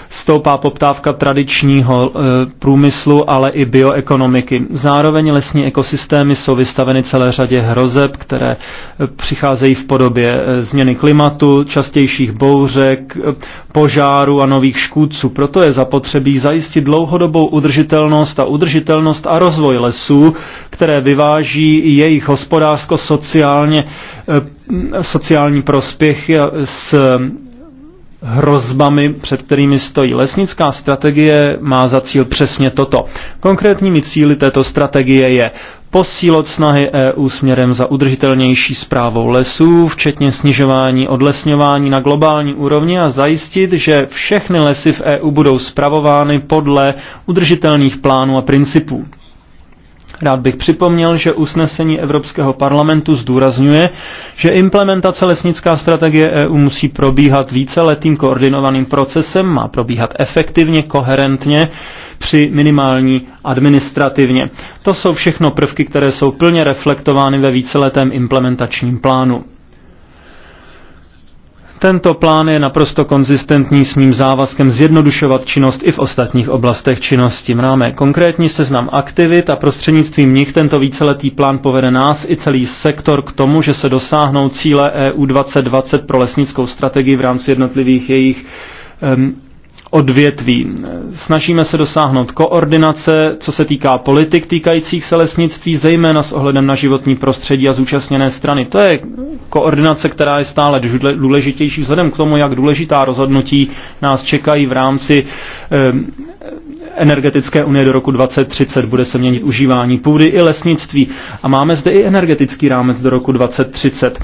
stoupá poptávka tradičního eh, průmyslu, ale i bioekonomiky. Zároveň lesní ekosystémy jsou vystaveny celé řadě hrozeb, které eh, přicházejí v podobě eh, změny klimatu, častějších bouřek, požáru a nových škůdců. Proto je zapotřebí zajistit dlouhodobou udržitelnost a udržitelnost a rozvoj lesů, které vyváží jejich hospodářsko-sociálně sociální prospěch s hrozbami, před kterými stojí. Lesnická strategie má za cíl přesně toto. Konkrétními cíly této strategie je posílot snahy EU směrem za udržitelnější zprávou lesů, včetně snižování odlesňování na globální úrovni a zajistit, že všechny lesy v EU budou spravovány podle udržitelných plánů a principů. Rád bych připomněl, že usnesení Evropského parlamentu zdůrazňuje, že implementace lesnická strategie EU musí probíhat víceletým koordinovaným procesem, má probíhat efektivně, koherentně, při minimální administrativně. To jsou všechno prvky, které jsou plně reflektovány ve víceletém implementačním plánu. Tento plán je naprosto konzistentní s mým závazkem zjednodušovat činnost i v ostatních oblastech činnosti. Máme konkrétní seznam aktivit a prostřednictvím nich tento víceletý plán povede nás i celý sektor k tomu, že se dosáhnou cíle EU 2020 pro lesnickou strategii v rámci jednotlivých jejich odvětví. Snažíme se dosáhnout koordinace, co se týká politik týkajících se lesnictví, zejména s ohledem na životní prostředí a zúčastněné strany. To je koordinace, která je stále důležitější vzhledem k tomu, jak důležitá rozhodnutí nás čekají v rámci ehm, energetické unie do roku 2030. Bude se měnit užívání půdy i lesnictví a máme zde i energetický rámec do roku 2030.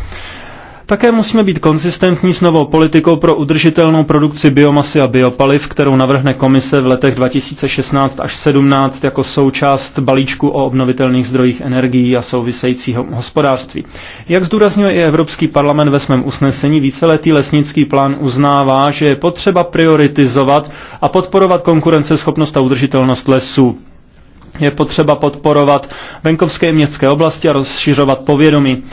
Také musíme být konzistentní s novou politikou pro udržitelnou produkci biomasy a biopaliv, kterou navrhne komise v letech 2016 až 2017 jako součást balíčku o obnovitelných zdrojích energií a souvisejícího hospodářství. Jak zdůrazňuje i Evropský parlament ve svém usnesení, víceletý lesnický plán uznává, že je potřeba prioritizovat a podporovat konkurenceschopnost a udržitelnost lesů. Je potřeba podporovat venkovské městské oblasti a rozšiřovat povědomí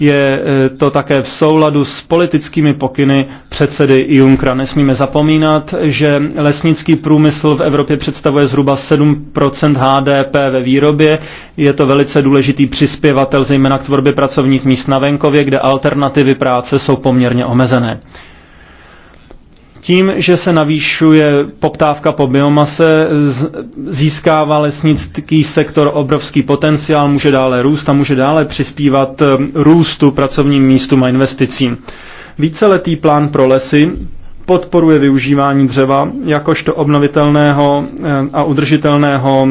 je e, to také v souladu s politickými pokyny předsedy Junkra. Nesmíme zapomínat, že lesnický průmysl v Evropě představuje zhruba 7% HDP ve výrobě. Je to velice důležitý přispěvatel zejména k tvorbě pracovních míst na venkově, kde alternativy práce jsou poměrně omezené. Tím, že se navýšuje poptávka po biomase, získává lesnický sektor obrovský potenciál, může dále růst a může dále přispívat um, růstu pracovním místům a investicím. Víceletý plán pro lesy podporuje využívání dřeva jakožto obnovitelného um, a udržitelného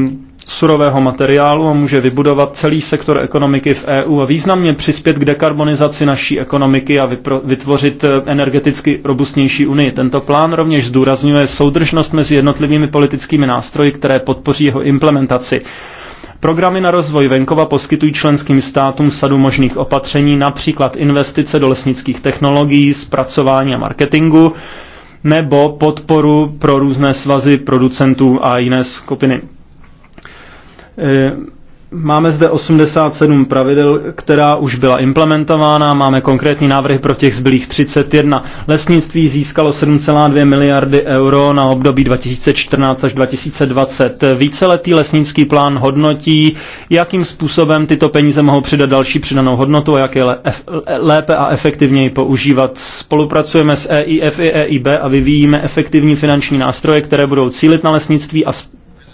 surového materiálu a může vybudovat celý sektor ekonomiky v EU a významně přispět k dekarbonizaci naší ekonomiky a vytvořit eh, energeticky robustnější unii. Tento plán rovněž zdůrazňuje soudržnost mezi jednotlivými politickými nástroji, které podpoří jeho implementaci. Programy na rozvoj venkova poskytují členským státům sadu možných opatření, například investice do lesnických technologií, zpracování a marketingu, nebo podporu pro různé svazy producentů a jiné skupiny. Eh, máme zde 87 pravidel, která už byla implementována, máme konkrétní návrhy pro těch zbylých 31. Lesnictví získalo 7,2 miliardy euro na období 2014 až 2020. Víceletý lesnický plán hodnotí, jakým způsobem tyto peníze mohou přidat další přidanou hodnotu a jak je lépe a efektivněji používat. Spolupracujeme s EIF i EIB a vyvíjíme efektivní finanční nástroje, které budou cílit na lesnictví a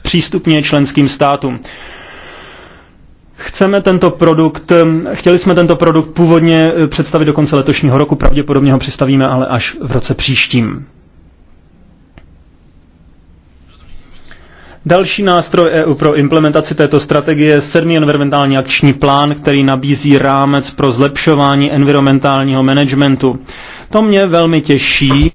přístupně členským státům. Chceme tento produkt, chtěli jsme tento produkt původně eh, představit do konce letošního roku, pravděpodobně ho přistavíme ale až v roce příštím. Další nástroj EU pro implementaci této strategie je sedmý environmentální akční plán, který nabízí rámec pro zlepšování environmentálního managementu. To mě velmi těší,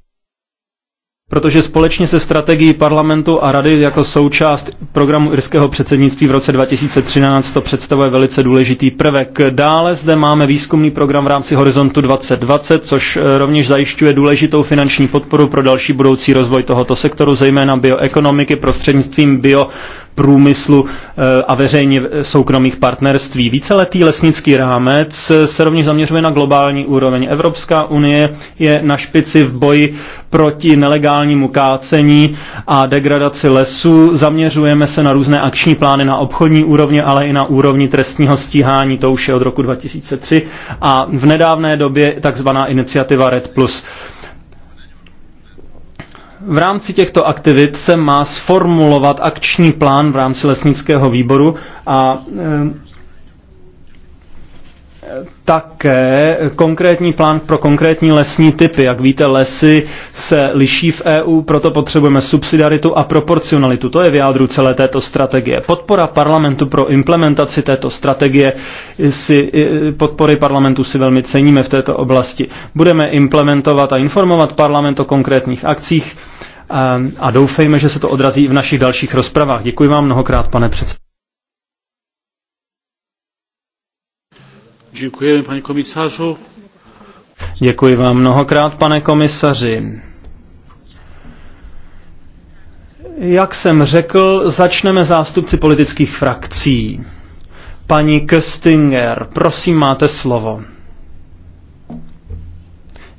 protože společně se strategií parlamentu a rady jako součást programu irského předsednictví v roce 2013 to představuje velice důležitý prvek. Dále zde máme výzkumný program v rámci Horizontu 2020, což eh, rovněž zajišťuje důležitou finanční podporu pro další budoucí rozvoj tohoto sektoru, zejména bioekonomiky prostřednictvím bio průmyslu eh, a veřejně soukromých partnerství. Víceletý lesnický rámec se rovněž zaměřuje na globální úroveň. Evropská unie je na špici v boji proti nelegálnímu kácení a degradaci lesů. Zaměřujeme se na různé akční plány na obchodní úrovni, ale i na úrovni trestního stíhání, to už je od roku 2003 a v nedávné době takzvaná iniciativa Red Plus. V rámci těchto aktivit se má sformulovat akční plán v rámci lesnického výboru a eh, také konkrétní plán pro konkrétní lesní typy. Jak víte, lesy se liší v EU, proto potřebujeme subsidiaritu a proporcionalitu. To je v jádru celé této strategie. Podpora parlamentu pro implementaci této strategie, si, podpory parlamentu si velmi ceníme v této oblasti. Budeme implementovat a informovat parlament o konkrétních akcích a, doufejme, že se to odrazí v našich dalších rozpravách. Děkuji vám mnohokrát, pane předsedo. Děkujeme, pane komisařu. Děkuji vám mnohokrát, pane komisaři. Jak jsem řekl, začneme zástupci politických frakcí. Paní Köstinger, prosím, máte slovo.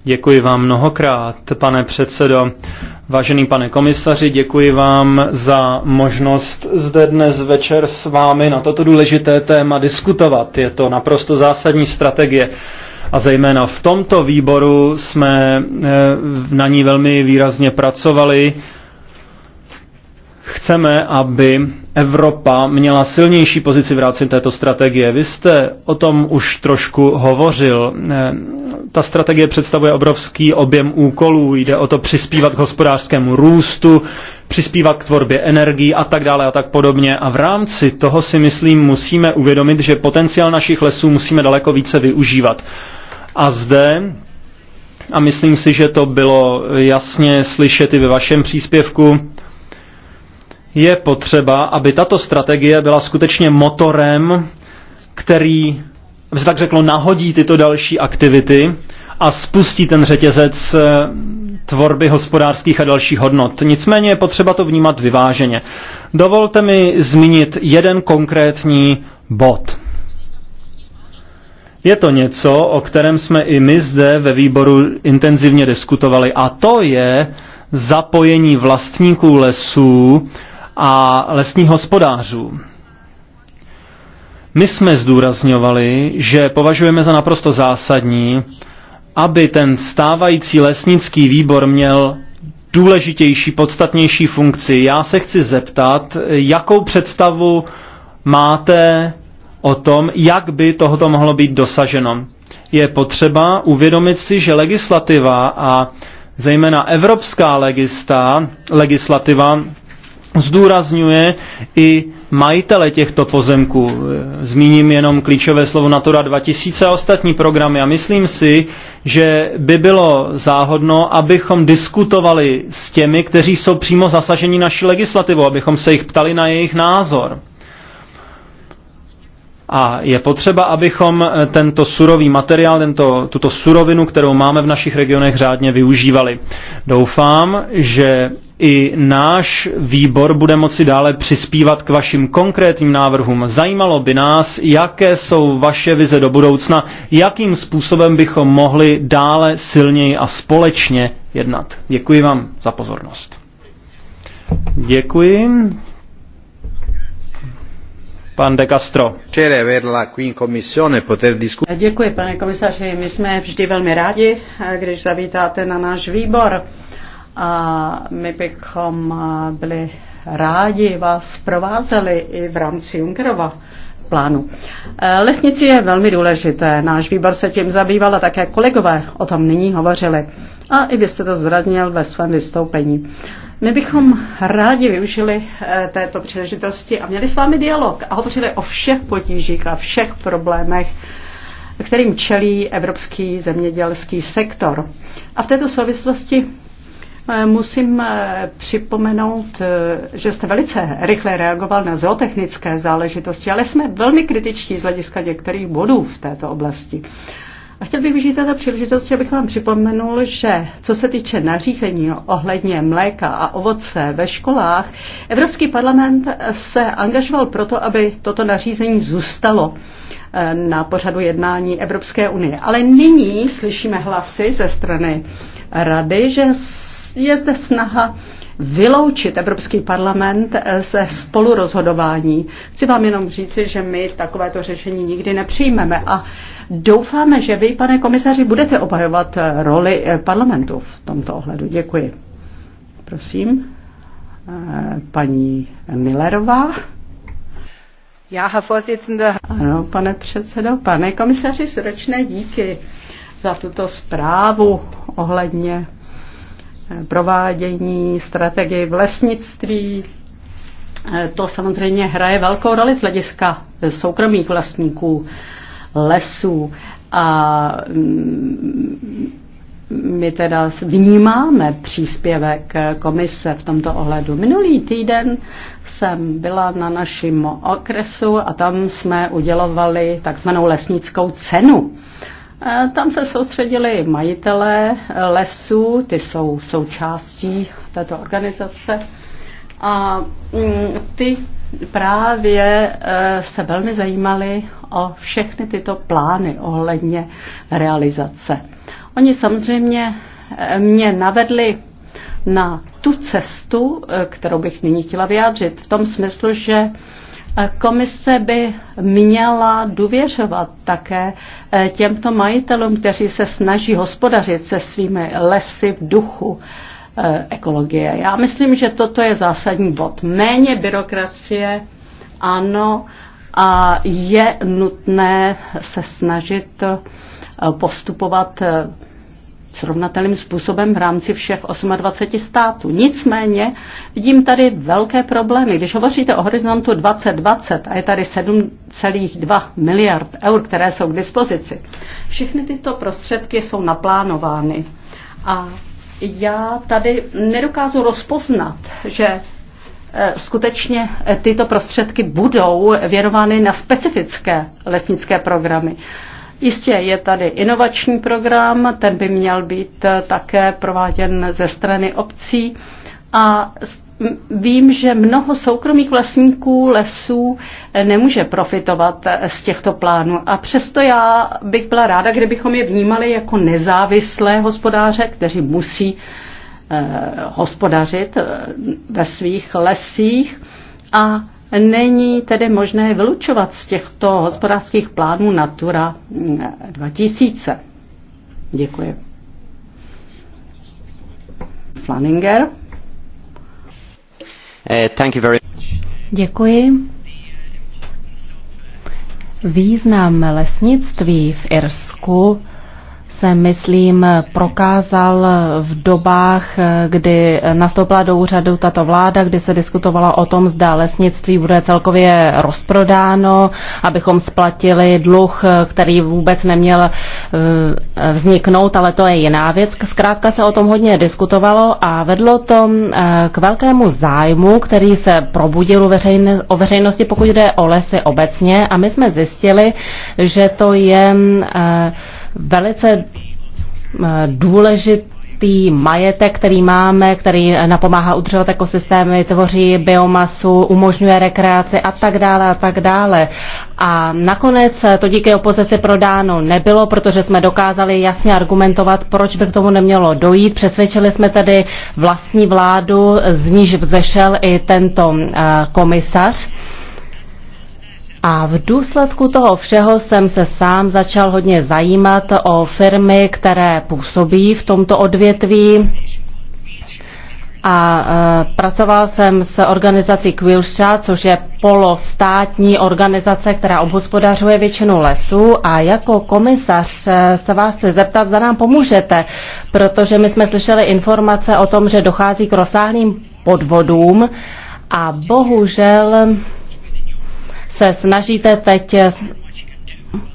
Děkuji vám mnohokrát, pane předsedo. Vážený pane komisaři, děkuji vám za možnost zde dnes večer s vámi na toto důležité téma diskutovat. Je to naprosto zásadní strategie a zejména v tomto výboru jsme eh, na ní velmi výrazně pracovali chceme, aby Evropa měla silnější pozici v rámci této strategie. Vy jste o tom už trošku hovořil. Eh, ta strategie představuje obrovský objem úkolů. Jde o to přispívat k hospodářskému růstu, přispívat k tvorbě energií a tak dále a tak podobně. A v rámci toho si myslím musíme uvědomit, že potenciál našich lesů musíme daleko více využívat. A zde a myslím si, že to bylo jasně slyšet i ve vašem příspěvku, je potřeba, aby tato strategie byla skutečně motorem, který, aby se tak řeklo, nahodí tyto další aktivity a spustí ten řetězec eh, tvorby hospodářských a dalších hodnot. Nicméně je potřeba to vnímat vyváženě. Dovolte mi zmínit jeden konkrétní bod. Je to něco, o kterém jsme i my zde ve výboru intenzivně diskutovali, a to je zapojení vlastníků lesů a lesních hospodářů. My jsme zdůrazňovali, že považujeme za naprosto zásadní, aby ten stávající lesnický výbor měl důležitější, podstatnější funkci. Já se chci zeptat, jakou představu máte o tom, jak by tohoto mohlo být dosaženo. Je potřeba uvědomit si, že legislativa a zejména evropská legista, legislativa zdůrazňuje i majitele těchto pozemků. Zmíním jenom klíčové slovo Natura 2000 a ostatní programy a myslím si, že by bylo záhodno, abychom diskutovali s těmi, kteří jsou přímo zasaženi naší legislativou, abychom se jich ptali na jejich názor. A je potřeba, abychom eh, tento surový materiál, tento, tuto surovinu, kterou máme v našich regionech, řádně využívali. Doufám, že i náš výbor bude moci dále přispívat k vašim konkrétním návrhům. Zajímalo by nás, jaké jsou vaše vize do budoucna, jakým způsobem bychom mohli dále silněji a společně jednat. Děkuji vám za pozornost. Děkuji. Pan de Castro. E eh, děkuji, pane komisaři. My jsme vždy velmi rádi, eh, když zavítáte na náš výbor. A my bychom eh, byli rádi vás provázeli i v rámci Junckerova plánu. Lesnici je velmi důležité. Náš výbor se tím zabýval a také kolegové o tom nyní hovořili. A i vy jste to zdůraznil ve svém vystoupení. My bychom rádi využili eh, této příležitosti a měli s vámi dialog a hovořili o všech potížích a všech problémech, kterým čelí evropský zemědělský sektor. A v této souvislosti eh, musím eh, připomenout, že jste velice rychle reagoval na zootechnické záležitosti, ale jsme velmi kritiční z hlediska některých bodů v této oblasti. A chtěl bych využít této příležitosti, abych vám připomenul, že co se týče nařízení ohledně mléka a ovoce ve školách, Evropský parlament se angažoval proto, aby toto nařízení zůstalo eh, na pořadu jednání Evropské unie. Ale nyní slyšíme hlasy ze strany rady, že je zde snaha vyloučit Evropský parlament eh, ze spolurozhodování. Chci vám jenom říci, že my takovéto řešení nikdy nepřijmeme a Doufáme, že vy, pane komisaři, budete obhajovat eh, roli eh, parlamentu v tomto ohledu. Děkuji. Prosím, eh, paní Millerová. Já, Herr Vorsitzender. Ano, pane předsedo, pane komisaři, srdečné díky za tuto zprávu ohledně provádění strategie v lesnictví. To samozřejmě hraje velkou roli z hlediska soukromých vlastníků lesů. A mm, my teda vnímáme příspěvek komise v tomto ohledu. Minulý týden jsem byla na našem okresu a tam jsme udělovali takzvanou lesnickou cenu. E, tam se soustředili majitelé lesů, ty jsou součástí této organizace. A mm, ty právě eh, se velmi zajímali o všechny tyto plány ohledně realizace. Oni samozřejmě eh, mě navedli na tu cestu, eh, kterou bych nyní chtěla vyjádřit, v tom smyslu, že Komise by měla důvěřovat také těmto majitelům, kteří se snaží hospodařit se svými lesy v duchu Eh, ekologie. Já myslím, že toto je zásadní bod. Méně byrokracie, ano, a je nutné se snažit eh, postupovat eh, srovnatelným způsobem v rámci všech 28 států. Nicméně vidím tady velké problémy. Když hovoříte o horizontu 2020 a je tady 7,2 miliard eur, které jsou k dispozici, všechny tyto prostředky jsou naplánovány. A já tady nedokážu rozpoznat, že eh, skutečně eh, tyto prostředky budou věnovány na specifické lesnické programy. Jistě je tady inovační program, ten by měl být eh, také prováděn ze strany obcí a vím, že mnoho soukromých vlastníků lesů eh, nemůže profitovat eh, z těchto plánů. A přesto já bych byla ráda, kdybychom je vnímali jako nezávislé hospodáře, kteří musí eh, hospodařit ve svých lesích a není tedy možné vylučovat z těchto hospodářských plánů Natura 2000. Mm, Děkuji. Flaninger. Eh, thank you very Děkuji. Význam lesnictví v Irsku se, myslím, prokázal v dobách, kdy nastoupila do úřadu tato vláda, kdy se diskutovala o tom, zda lesnictví bude celkově rozprodáno, abychom splatili dluh, který vůbec neměl eh, vzniknout, ale to je jiná věc. Zkrátka se o tom hodně diskutovalo a vedlo to eh, k velkému zájmu, který se probudil u veřejne, o veřejnosti, pokud jde o lesy obecně. A my jsme zjistili, že to je uh, velice eh, důležitý majetek, který máme, který napomáhá udržovat ekosystémy, tvoří biomasu, umožňuje rekreaci a tak dále a tak dále. A nakonec eh, to díky opozici prodáno nebylo, protože jsme dokázali jasně argumentovat, proč by k tomu nemělo dojít. Přesvědčili jsme tedy vlastní vládu, z níž vzešel i tento eh, komisař. A v důsledku toho všeho jsem se sám začal hodně zajímat o firmy, které působí v tomto odvětví. A e, pracoval jsem s organizací Quilsha, což je polostátní organizace, která obhospodařuje většinu lesů. A jako komisař se vás chci zeptat, zda nám pomůžete, protože my jsme slyšeli informace o tom, že dochází k rozsáhlým podvodům a bohužel se snažíte teď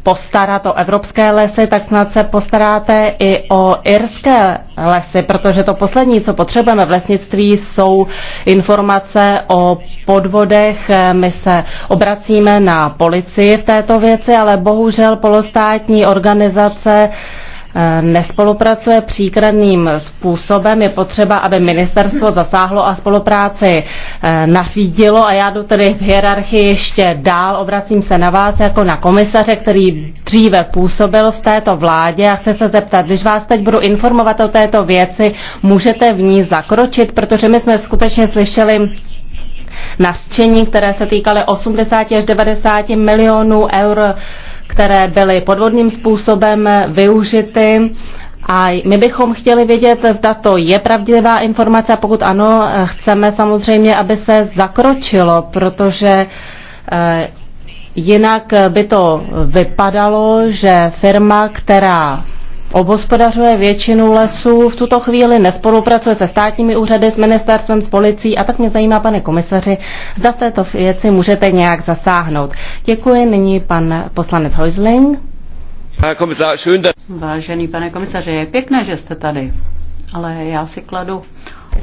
postarat o evropské lesy, tak snad se postaráte i o irské lesy, protože to poslední, co potřebujeme v lesnictví, jsou informace o podvodech. My se obracíme na policii v této věci, ale bohužel polostátní organizace uh, Eh, nespolupracuje příkladným způsobem. Je potřeba, aby ministerstvo zasáhlo a spolupráci eh, nařídilo a já jdu tedy v hierarchii ještě dál. Obracím se na vás jako na komisaře, který dříve působil v této vládě a chci se zeptat, když vás teď budu informovat o této věci, můžete v ní zakročit, protože my jsme skutečně slyšeli nařčení, které se týkaly 80 až 90 milionů eur které byly podvodným způsobem využity. A my bychom chtěli vědět, zda to je pravdivá informace a pokud ano, chceme samozřejmě, aby se zakročilo, protože eh, jinak by to vypadalo, že firma, která obhospodařuje většinu lesů, v tuto chvíli nespolupracuje se státními úřady, s ministerstvem, s policií a tak mě zajímá, pane komisaři, zda v této věci můžete nějak zasáhnout. Děkuji, nyní pan poslanec Hojzling. Vážený pane komisaři, je pěkné, že jste tady, ale já si kladu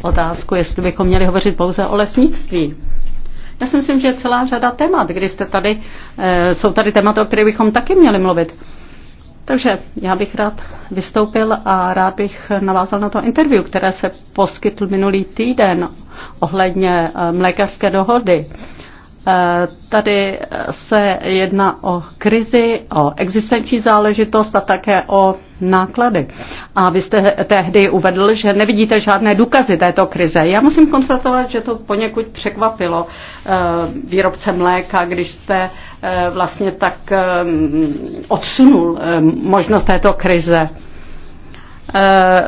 otázku, jestli bychom měli hovořit pouze o lesnictví. Já si myslím, že je celá řada témat, kdy jste tady, eh, jsou tady témata, o kterých bychom taky měli mluvit. Takže já bych rád vystoupil a rád bych navázal na to interview, které se poskytl minulý týden ohledně eh, mlékařské dohody. Eh, tady se jedná o krizi, o existenční záležitost a také o náklady. A vy jste tehdy uvedl, že nevidíte žádné důkazy této krize. Já musím konstatovat, že to poněkud překvapilo eh, výrobce mléka, když jste eh, vlastně tak eh, odsunul možnost této krize. Eh,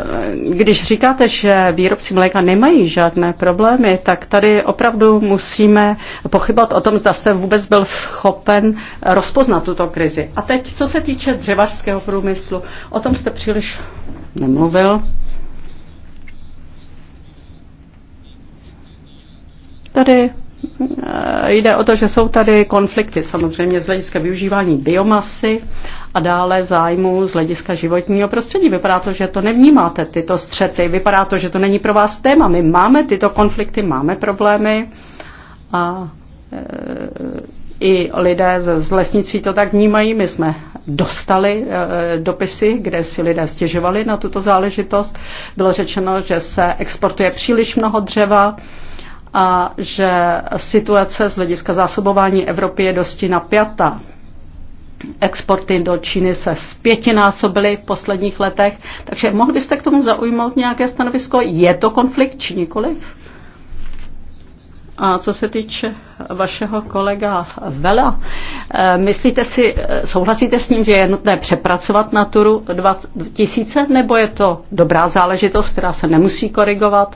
když říkáte, že výrobci mléka nemají žádné problémy, tak tady opravdu musíme pochybat o tom, zda jste vůbec byl schopen rozpoznat tuto krizi. A teď, co se týče dřevařského průmyslu, o tom jste příliš nemluvil. Tady eh, jde o to, že jsou tady konflikty samozřejmě z hlediska využívání biomasy a dále v zájmu z hlediska životního prostředí. Vypadá to, že to nevnímáte, tyto střety. Vypadá to, že to není pro vás téma. My máme tyto konflikty, máme problémy a e, i lidé z lesnictví to tak vnímají. My jsme dostali e, dopisy, kde si lidé stěžovali na tuto záležitost. Bylo řečeno, že se exportuje příliš mnoho dřeva a že situace z hlediska zásobování Evropy je dosti napjatá. Exporty do Číny se zpětinásobily v posledních letech, takže mohl byste k tomu zaujmout nějaké stanovisko? Je to konflikt či nikoliv? A co se týče vašeho kolega Vela, eh, myslíte si, eh, souhlasíte s ním, že je nutné přepracovat Naturu 2000, nebo je to dobrá záležitost, která se nemusí korigovat?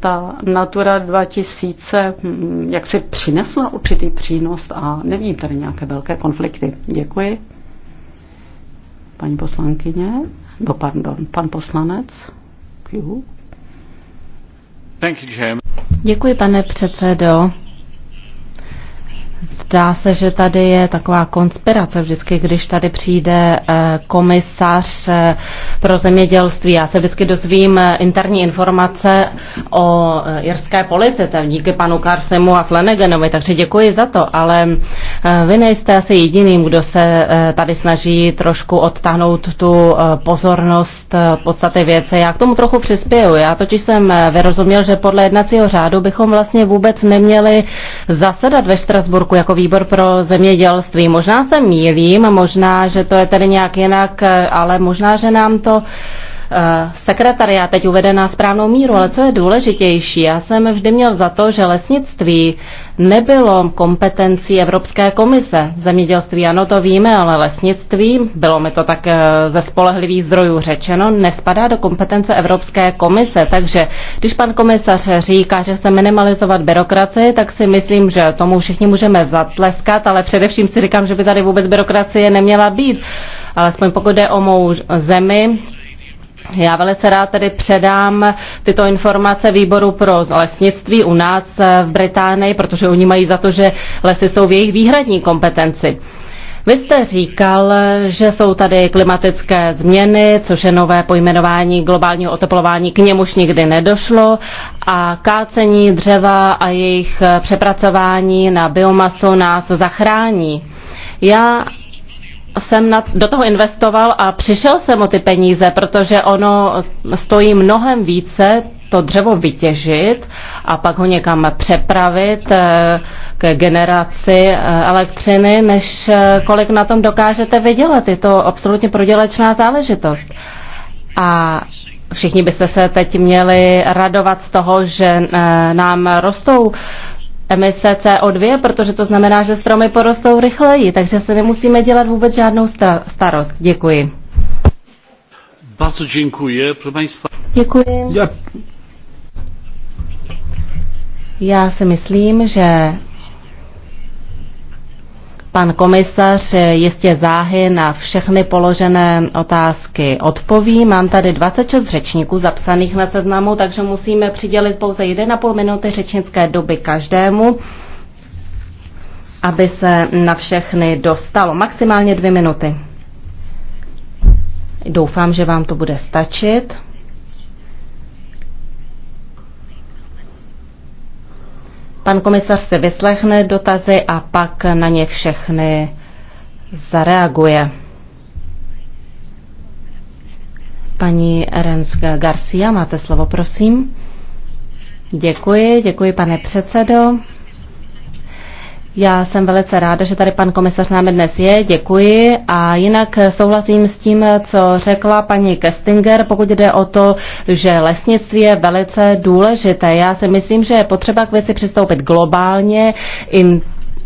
ta Natura 2000 hm, jak si přinesla určitý přínos a nevím tady nějaké velké konflikty. Děkuji. Paní poslankyně, no pardon, pan poslanec. Q. Děkuji, pane předsedo. Zdá se, že tady je taková konspirace vždycky, když tady přijde eh, komisař eh, pro zemědělství. Já se vždycky dozvím eh, interní informace o jirské tak díky panu Karsemu a Flanaganovi, takže děkuji za to, ale vy nejste asi jediným, kdo se tady snaží trošku odtáhnout tu pozornost od podstaty věce. Já k tomu trochu přispěju. Já totiž jsem vyrozuměl, že podle jednacího řádu bychom vlastně vůbec neměli zasedat ve Štrasburku Štrasburku jako výbor pro zemědělství. Možná se mýlím, možná, že to je tedy nějak jinak, eh, ale možná, že nám to Eh, sekretaria teď uvede na správnou míru, ale co je důležitější, já jsem vždy měl za to, že lesnictví nebylo kompetencí Evropské komise. Zemědělství ano, to víme, ale lesnictví, bylo mi to tak eh, ze spolehlivých zdrojů řečeno, nespadá do kompetence Evropské komise. Takže když pan komisař říká, že chce minimalizovat byrokracii, tak si myslím, že tomu všichni můžeme zatleskat, ale především si říkám, že by tady vůbec byrokracie neměla být. Alespoň pokud jde o mou zemi, já velice rád tedy předám tyto informace výboru pro lesnictví u nás eh, v Británii, protože oni mají za to, že lesy jsou v jejich výhradní kompetenci. Vy jste říkal, že jsou tady klimatické změny, což je nové pojmenování globálního oteplování, k němuž nikdy nedošlo a kácení dřeva a jejich přepracování na biomasu nás zachrání. Já jsem do toho investoval a přišel jsem o ty peníze, protože ono stojí mnohem více to dřevo vytěžit a pak ho někam přepravit eh, k generaci eh, elektřiny, než eh, kolik na tom dokážete vydělat. Je to absolutně prodělečná záležitost. A všichni byste se teď měli radovat z toho, že nám rostou emise CO2, protože to znamená, že stromy porostou rychleji, takže se nemusíme dělat vůbec žádnou starost. Děkuji. Bardzo dziękuję. Proszę Państwa. Děkuji. Já si myslím, že Pan komisař jistě záhy na všechny položené otázky odpoví. Mám tady 26 řečníků zapsaných na seznamu, takže musíme přidělit pouze 1,5 minuty řečnické doby každému, aby se na všechny dostalo. Maximálně dvě minuty. Doufám, že vám to bude stačit. Pan komisař se vyslechne dotazy a pak na ně všechny zareaguje. Paní Rensk Garcia, máte slovo, prosím. Děkuji, děkuji, pane předsedo. Já jsem velice ráda, že tady pan komisař s námi dnes je, děkuji. A jinak souhlasím s tím, co řekla paní Kestinger, pokud jde o to, že lesnictví je velice důležité. Já si myslím, že je potřeba k věci přistoupit globálně, in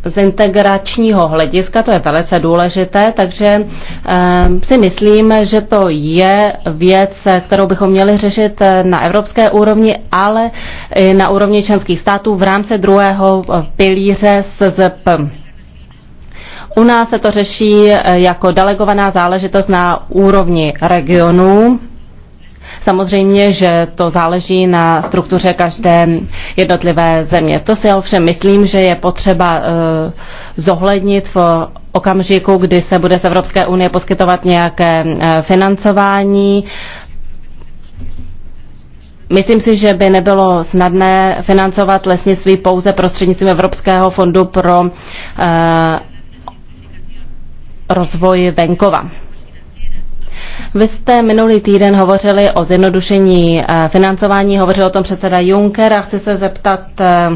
z integračního hlediska, to je velice důležité, takže ehm, si myslím, že to je věc, kterou bychom měli řešit eh, na evropské úrovni, ale i na úrovni členských států v rámci druhého eh, pilíře SZP. U nás se to řeší eh, jako delegovaná záležitost na úrovni regionů Samozřejmě, že to záleží na struktuře každé jednotlivé země. To si ovšem myslím, že je potřeba eh, zohlednit v okamžiku, kdy se bude z Evropské unie poskytovat nějaké eh, financování. Myslím si, že by nebylo snadné financovat lesnictví pouze prostřednictvím Evropského fondu pro eh, rozvoj venkova. Vy jste minulý týden hovořili o zjednodušení eh, financování, hovořil o tom předseda Juncker a chci se zeptat eh,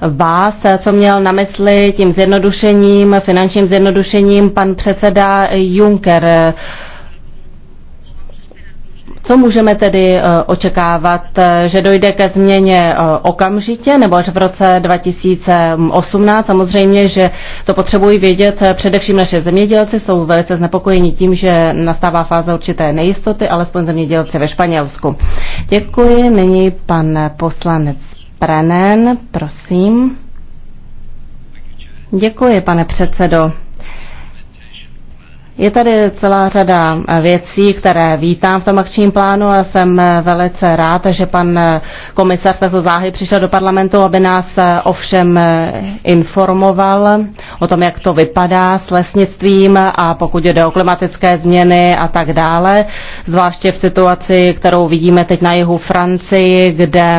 vás, eh, co měl na mysli tím zjednodušením, finančním zjednodušením pan předseda Juncker. Co můžeme tedy eh, očekávat, eh, že dojde ke změně eh, okamžitě nebo až v roce 2018? Samozřejmě, že to potřebují vědět především naše zemědělci, jsou velice znepokojeni tím, že nastává fáze určité nejistoty, alespoň zemědělci ve Španělsku. Děkuji. Nyní pan poslanec Prenen, prosím. Děkuji, pane předsedo. Je tady celá řada eh, věcí, které vítám v tom akčním plánu a jsem eh, velice rád, že pan eh, komisař Tato záhy přišel do parlamentu, aby nás ovšem informoval o tom, jak to vypadá s lesnictvím a pokud jde o klimatické změny a tak dále, zvláště v situaci, kterou vidíme teď na jihu Francii, kde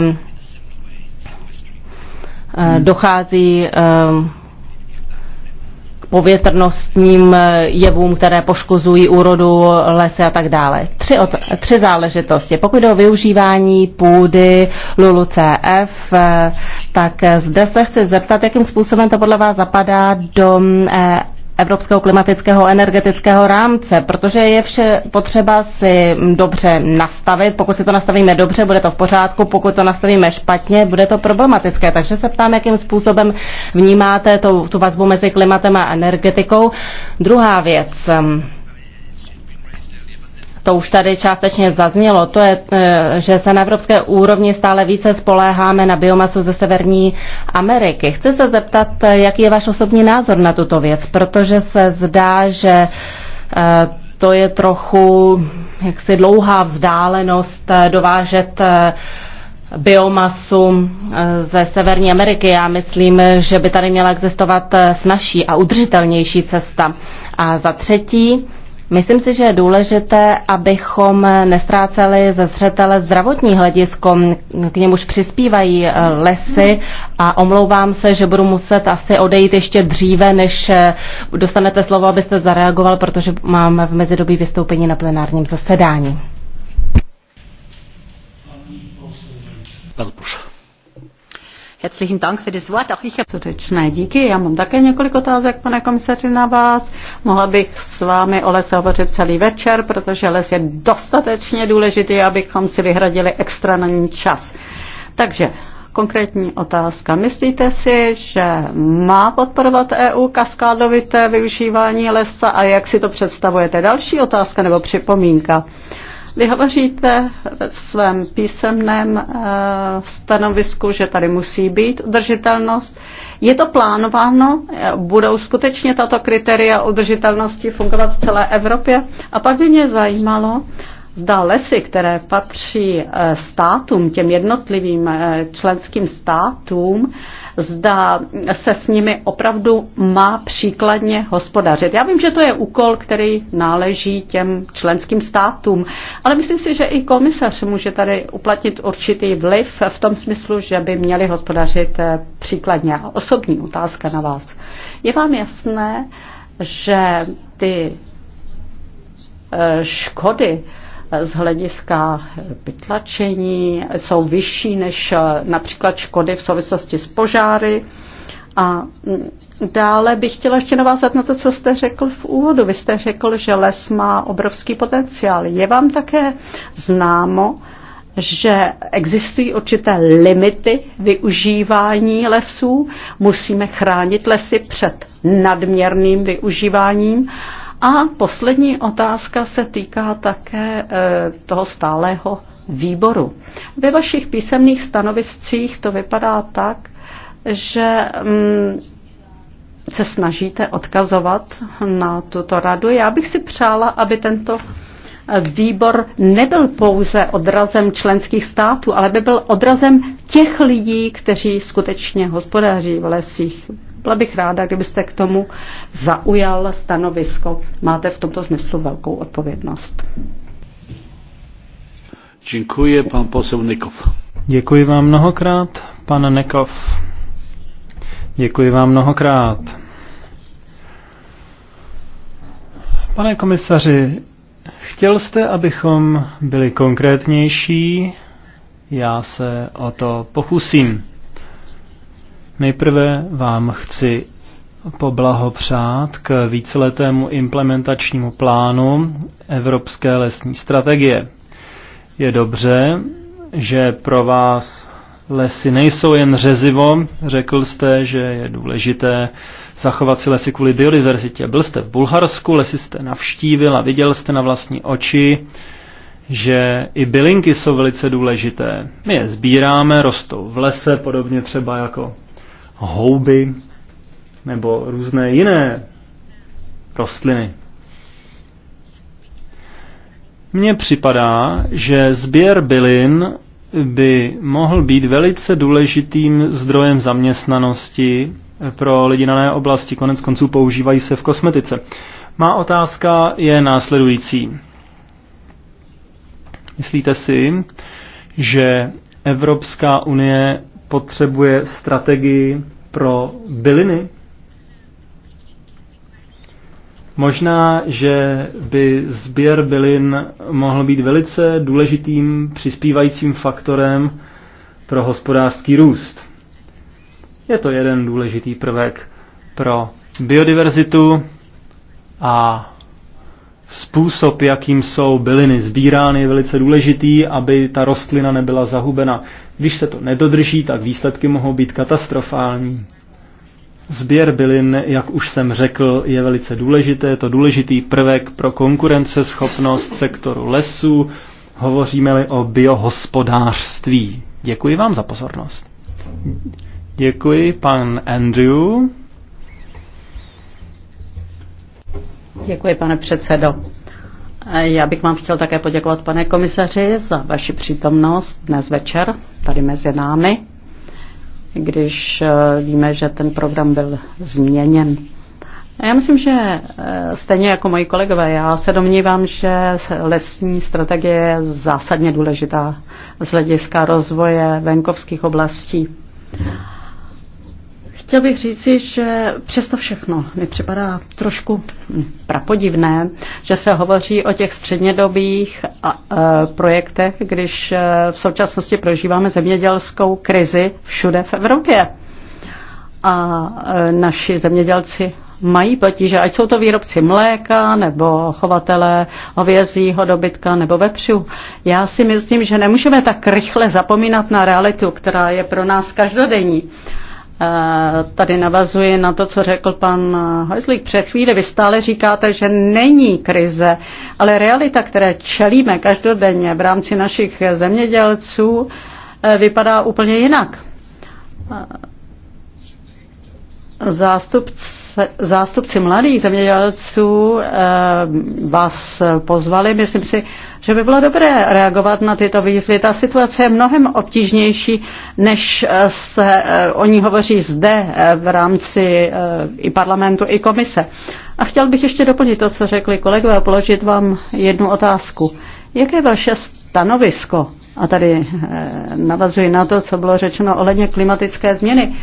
dochází povětrnostním eh, jevům, které poškozují úrodu, lesy a tak dále. Tři, od, tři záležitosti. Pokud jde o využívání půdy LULUCF, eh, tak eh, zde se chci zeptat, jakým způsobem to podle vás zapadá do evropského klimatického energetického rámce, protože je vše potřeba si dobře nastavit. Pokud si to nastavíme dobře, bude to v pořádku, pokud to nastavíme špatně, bude to problematické. Takže se ptám, jakým způsobem vnímáte tu, tu vazbu mezi klimatem a energetikou. Druhá věc to už tady částečně zaznělo, to je, e, že se na evropské úrovni stále více spoléháme na biomasu ze Severní Ameriky. Chci se zeptat, e, jaký je váš osobní názor na tuto věc, protože se zdá, že e, to je trochu jaksi dlouhá vzdálenost dovážet biomasu ze Severní Ameriky. Já myslím, že by tady měla existovat snažší a udržitelnější cesta. A za třetí, Myslím si, že je důležité, abychom nestráceli ze zřetele zdravotní hledisko, k němuž přispívají eh, lesy a omlouvám se, že budu muset asi odejít ještě dříve, než eh, dostanete slovo, abyste zareagoval, protože máme v mezidobí vystoupení na plenárním zasedání. Pan Herzlichen Dank für das Wort. Auch ich habe... Srdečné díky. Já mám také několik otázek, pane komisaři, na vás. Mohla bych s vámi o lese hovořit celý večer, protože les je dostatečně důležitý, abychom si vyhradili extra na ní čas. Takže konkrétní otázka. Myslíte si, že má podporovat EU kaskádovité využívání lesa a jak si to představujete? Další otázka nebo připomínka. Vy hovoříte ve svém písemném eh, stanovisku, že tady musí být udržitelnost. Je to plánováno? Budou skutečně tato kritéria udržitelnosti fungovat v celé Evropě? A pak by mě zajímalo, Zda lesy, které patří eh, státům, těm jednotlivým eh, členským státům, zda se s nimi opravdu má příkladně hospodařit. Já vím, že to je úkol, který náleží těm členským státům, ale myslím si, že i komisař může tady uplatnit určitý vliv v tom smyslu, že by měli hospodařit eh, příkladně. Osobní otázka na vás. Je vám jasné, že ty škody, z hlediska vytlačení jsou vyšší než eh, například škody v souvislosti s požáry. A mm, dále bych chtěla ještě navázat na to, co jste řekl v úvodu. Vy jste řekl, že les má obrovský potenciál. Je vám také známo, že existují určité limity využívání lesů. Musíme chránit lesy před nadměrným využíváním a poslední otázka se týká také eh, toho stálého výboru. Ve vašich písemných stanoviscích to vypadá tak, že mm, se snažíte odkazovat na tuto radu. Já bych si přála, aby tento eh, výbor nebyl pouze odrazem členských států, ale by byl odrazem těch lidí, kteří skutečně hospodaří v lesích. Byla bych ráda, kdybyste k tomu zaujal stanovisko. Máte v tomto smyslu velkou odpovědnost. Děkuji, pan posel Nikov. Děkuji vám mnohokrát, pan Nekov. Děkuji vám mnohokrát. Pane komisaři, chtěl jste, abychom byli konkrétnější? Já se o to pokusím. Nejprve vám chci poblahopřát k víceletému implementačnímu plánu Evropské lesní strategie. Je dobře, že pro vás lesy nejsou jen řezivo. Řekl jste, že je důležité zachovat si lesy kvůli biodiverzitě. Byl jste v Bulharsku, lesy jste navštívil a viděl jste na vlastní oči, že i bylinky jsou velice důležité. My je sbíráme, rostou v lese, podobně třeba jako houby nebo různé jiné rostliny. Mně připadá, že sběr bylin by mohl být velice důležitým zdrojem zaměstnanosti pro lidi na oblasti. Konec konců používají se v kosmetice. Má otázka je následující. Myslíte si, že Evropská unie potřebuje strategii pro byliny. Možná, že by sběr bylin mohl být velice důležitým přispívajícím faktorem pro hospodářský růst. Je to jeden důležitý prvek pro biodiverzitu a Způsob, jakým jsou byliny sbírány, je velice důležitý, aby ta rostlina nebyla zahubena. Když se to nedodrží, tak výsledky mohou být katastrofální. Sběr bylin, jak už jsem řekl, je velice důležité. Je to důležitý prvek pro konkurenceschopnost sektoru lesů. Hovoříme-li o biohospodářství. Děkuji vám za pozornost. Děkuji, pan Andrew. Děkuji, pane předsedo. Já bych vám chtěl také poděkovat, pane komisaři, za vaši přítomnost dnes večer tady mezi námi, když eh, víme, že ten program byl změněn. Já myslím, že eh, stejně jako moji kolegové, já se domnívám, že lesní strategie je zásadně důležitá z hlediska rozvoje venkovských oblastí. Chtěl bych říci, že přesto všechno mi připadá trošku prapodivné, že se hovoří o těch střednědobých a, e, projektech, když e, v současnosti prožíváme zemědělskou krizi všude v Evropě. A e, naši zemědělci mají potíže, ať jsou to výrobci mléka nebo chovatelé hovězího dobytka nebo vepřů. Já si myslím, že nemůžeme tak rychle zapomínat na realitu, která je pro nás každodenní. Eh, tady navazuji na to, co řekl pan eh, Hojzlík před chvíli. Vy stále říkáte, že není krize, ale realita, které čelíme každodenně v rámci našich zemědělců, eh, vypadá úplně jinak. Zástupce, zástupci mladých zemědělců eh, vás pozvali. Myslím si, že by bylo dobré reagovat na tyto výzvy. Ta situace je mnohem obtížnější, než eh, se eh, o ní hovoří zde v rámci i parlamentu, i komise. A chtěl bych ještě doplnit to, co řekli kolegové a položit vám jednu otázku. Jaké je vaše stanovisko a tady eh, navazuji na to, co bylo řečeno ohledně klimatické změny.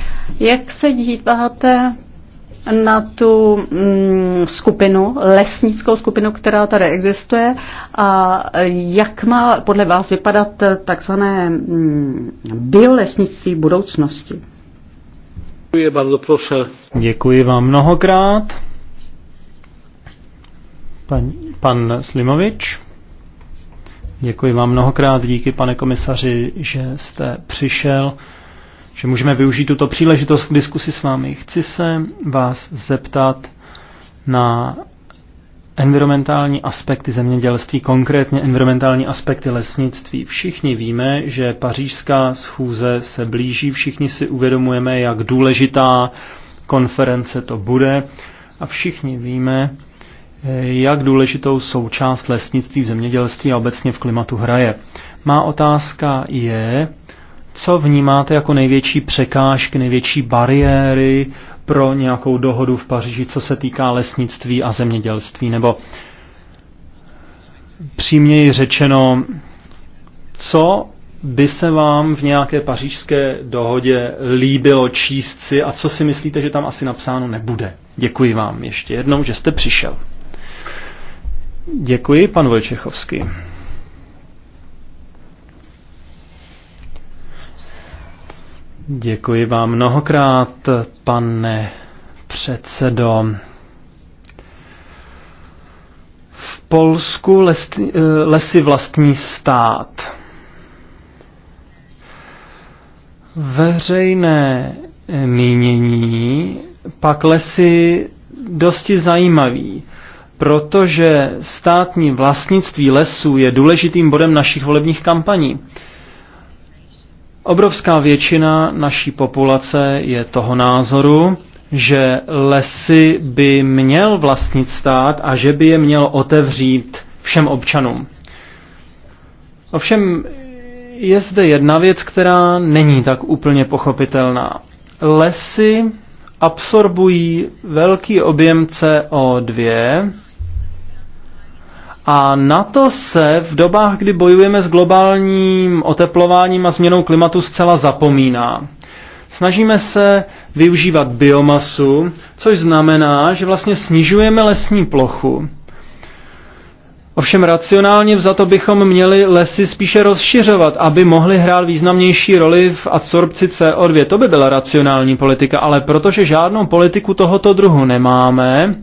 Jak se díváte na tu mm, skupinu, lesnickou skupinu, která tady existuje a jak má podle vás vypadat takzvané mm, biolesnictví budoucnosti? Děkuji, bardzo proszę. Děkuji vám mnohokrát. Pan, pan Slimovič. Děkuji vám mnohokrát, díky pane komisaři, že jste přišel, že můžeme využít tuto příležitost k diskusi s vámi. Chci se vás zeptat na environmentální aspekty zemědělství, konkrétně environmentální aspekty lesnictví. Všichni víme, že pařížská schůze se blíží, všichni si uvědomujeme, jak důležitá konference to bude a všichni víme, jak důležitou součást lesnictví v zemědělství a obecně v klimatu hraje. Má otázka je, co vnímáte jako největší překážky, největší bariéry pro nějakou dohodu v Paříži, co se týká lesnictví a zemědělství, nebo příměji řečeno, co by se vám v nějaké pařížské dohodě líbilo číst si a co si myslíte, že tam asi napsáno nebude. Děkuji vám ještě jednou, že jste přišel. Děkuji, pan Vojčechovský. Děkuji vám mnohokrát, pane předsedo. V Polsku les, eh, lesy vlastní stát. Veřejné mínění pak lesy dosti zajímavý protože státní vlastnictví lesů je důležitým bodem našich volebních kampaní. Obrovská většina naší populace je toho názoru, že lesy by měl vlastnit stát a že by je měl otevřít všem občanům. Ovšem je zde jedna věc, která není tak úplně pochopitelná. Lesy absorbují velký objem CO2, a na to se v dobách, kdy bojujeme s globálním oteplováním a změnou klimatu, zcela zapomíná. Snažíme se využívat biomasu, což znamená, že vlastně snižujeme lesní plochu. Ovšem racionálně vzato bychom měli lesy spíše rozšiřovat, aby mohly hrát významnější roli v adsorpci CO2. To by byla racionální politika, ale protože žádnou politiku tohoto druhu nemáme,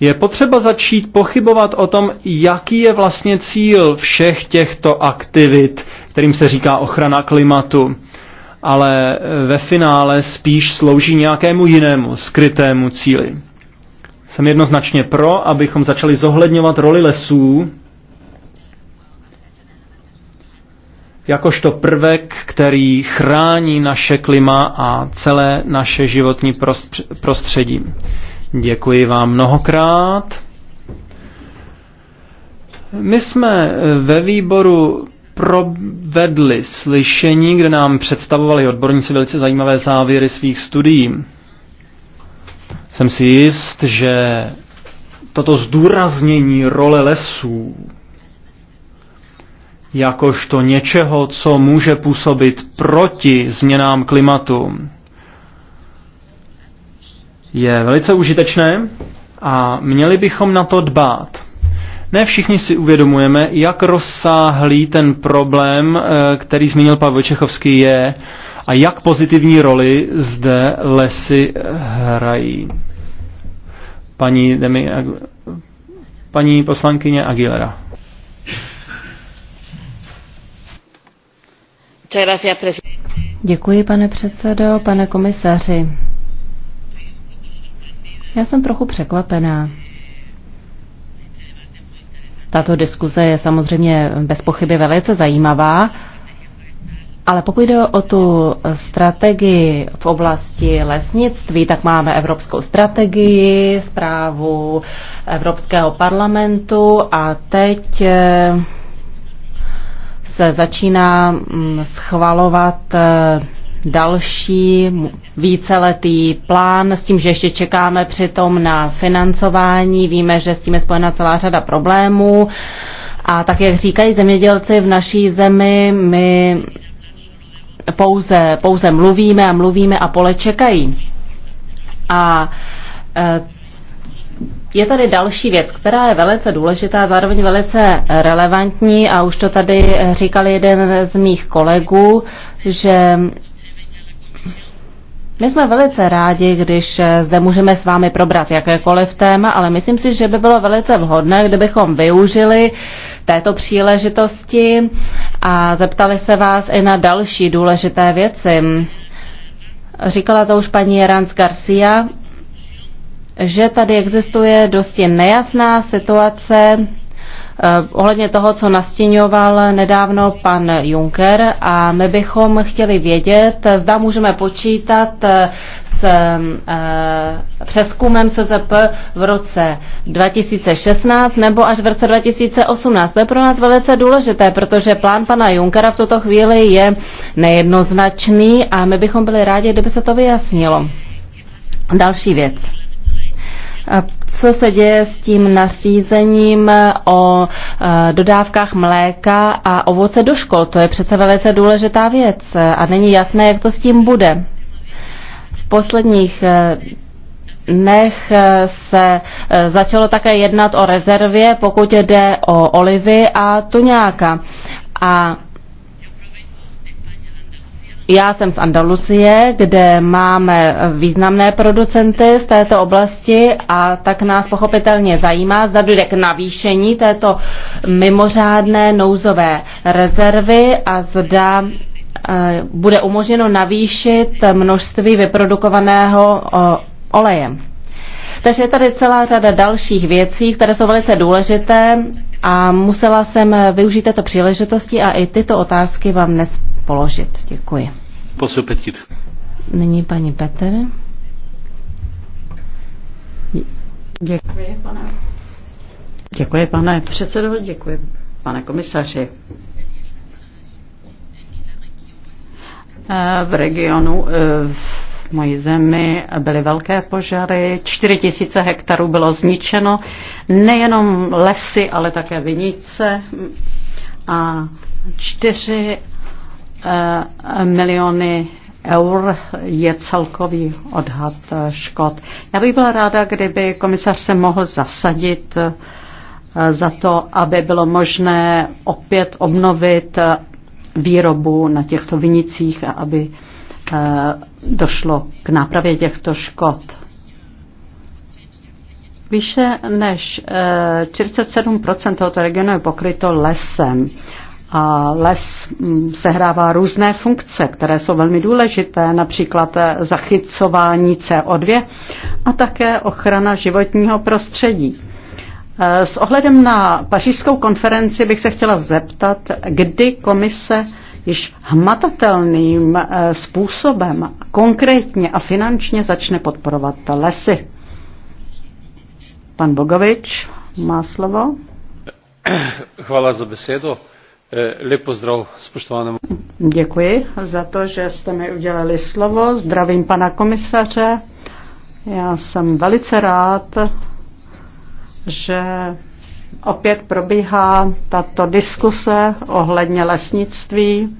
je potřeba začít pochybovat o tom, jaký je vlastně cíl všech těchto aktivit, kterým se říká ochrana klimatu, ale e, ve finále spíš slouží nějakému jinému skrytému cíli. Jsem jednoznačně pro, abychom začali zohledňovat roli lesů jakožto prvek, který chrání naše klima a celé naše životní prostředí. Děkuji vám mnohokrát. My jsme ve výboru provedli slyšení, kde nám představovali odborníci velice zajímavé závěry svých studií. Jsem si jist, že toto zdůraznění role lesů jakožto něčeho, co může působit proti změnám klimatu, je velice užitečné a měli bychom na to dbát. Ne všichni si uvědomujeme, jak rozsáhlý ten problém, eh, který zmínil Pavel Čechovský, je a jak pozitivní roli zde lesy eh, hrají. Paní, Demi, paní poslankyně Aguilera. Děkuji, pane předsedo, pane komisaři. Já jsem trochu překvapená. Tato diskuze je samozřejmě bez pochyby velice zajímavá, ale pokud jde o tu strategii v oblasti lesnictví, tak máme evropskou strategii, zprávu Evropského parlamentu a teď eh, se začíná mm, schvalovat eh, další víceletý plán s tím, že ještě čekáme přitom na financování. Víme, že s tím je spojena celá řada problémů. A tak, jak říkají zemědělci v naší zemi, my pouze, pouze mluvíme a mluvíme a pole čekají. A e, je tady další věc, která je velice důležitá, zároveň velice relevantní a už to tady říkal jeden z mých kolegů, že my jsme velice rádi, když eh, zde můžeme s vámi probrat jakékoliv téma, ale myslím si, že by bylo velice vhodné, kdybychom využili této příležitosti a zeptali se vás i na další důležité věci. Říkala to už paní Rans Garcia, že tady existuje dosti nejasná situace Eh, ohledně toho, co nastěňoval nedávno pan Juncker a my bychom chtěli vědět, zda můžeme počítat eh, s eh, přeskumem SZP v roce 2016 nebo až v roce 2018. To je pro nás velice důležité, protože plán pana Junkera v tuto chvíli je nejednoznačný a my bychom byli rádi, kdyby se to vyjasnilo. Další věc co se děje s tím nařízením o e, dodávkách mléka a ovoce do škol. To je přece velice důležitá věc a není jasné, jak to s tím bude. V posledních e, dnech e, se začalo také jednat o rezervě, pokud jde o olivy a tuňáka. A já jsem z Andalusie, kde máme významné producenty z této oblasti a tak nás pochopitelně zajímá, zda dojde k navýšení této mimořádné nouzové rezervy a zda eh, bude umožněno navýšit množství vyprodukovaného eh, oleje. Takže je tady celá řada dalších věcí, které jsou velice důležité a musela jsem využít této příležitosti a i tyto otázky vám dnes položit. Děkuji. Nyní paní Petr. Děkuji, pane. Děkuji, pane předsedo, děkuji, pane komisaři. Eh, v regionu eh, v mojí zemi byly velké požary, 4 tisíce hektarů bylo zničeno, nejenom lesy, ale také vinice a čtyři Eh, miliony eur je celkový odhad eh, škod. Já bych byla ráda, kdyby komisař se mohl zasadit eh, za to, aby bylo možné opět obnovit výrobu na těchto vinicích a aby došlo k nápravě těchto škod. Vyše než 47 tohoto regionu je pokryto lesem a les mm, sehrává různé funkce, které jsou velmi důležité, například eh, zachycování CO2 a také ochrana životního prostředí. Eh, s ohledem na pařížskou konferenci bych se chtěla zeptat, kdy komise již hmatatelným eh, způsobem konkrétně a finančně začne podporovat lesy. Pan Bogovič má slovo. Chvala za besedu. Eh, lep pozdrav spoštovanému. Děkuji za to, že jste mi udělali slovo. Zdravím pana komisaře. Já jsem velice rád, že opět probíhá tato diskuse ohledně lesnictví.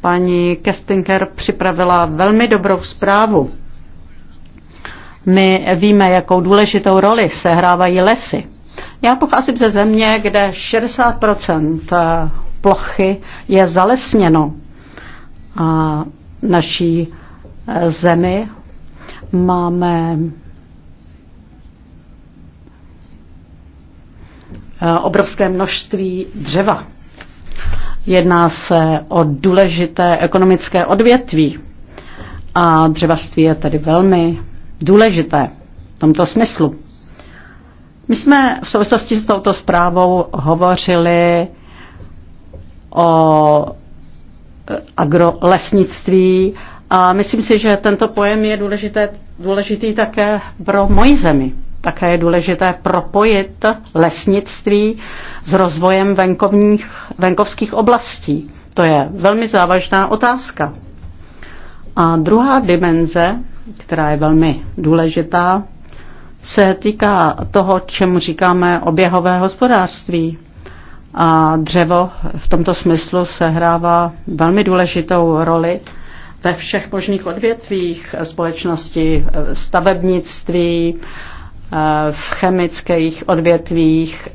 Paní Kestinger připravila velmi dobrou zprávu. My víme, jakou důležitou roli sehrávají lesy já pocházím ze země, kde 60 eh, plochy je zalesněno. A naší eh, zemi máme eh, obrovské množství dřeva. Jedná se o důležité ekonomické odvětví a dřevařství je tedy velmi důležité v tomto smyslu. My jsme v souvislosti s touto zprávou hovořili o eh, agrolesnictví a myslím si, že tento pojem je důležité, důležitý také pro moji zemi. Také je důležité propojit lesnictví s rozvojem venkovních, venkovských oblastí. To je velmi závažná otázka. A druhá dimenze, která je velmi důležitá, se týká toho, čemu říkáme oběhové hospodářství. A dřevo v tomto smyslu sehrává velmi důležitou roli ve všech možných odvětvích společnosti, stavebnictví, v chemických odvětvích.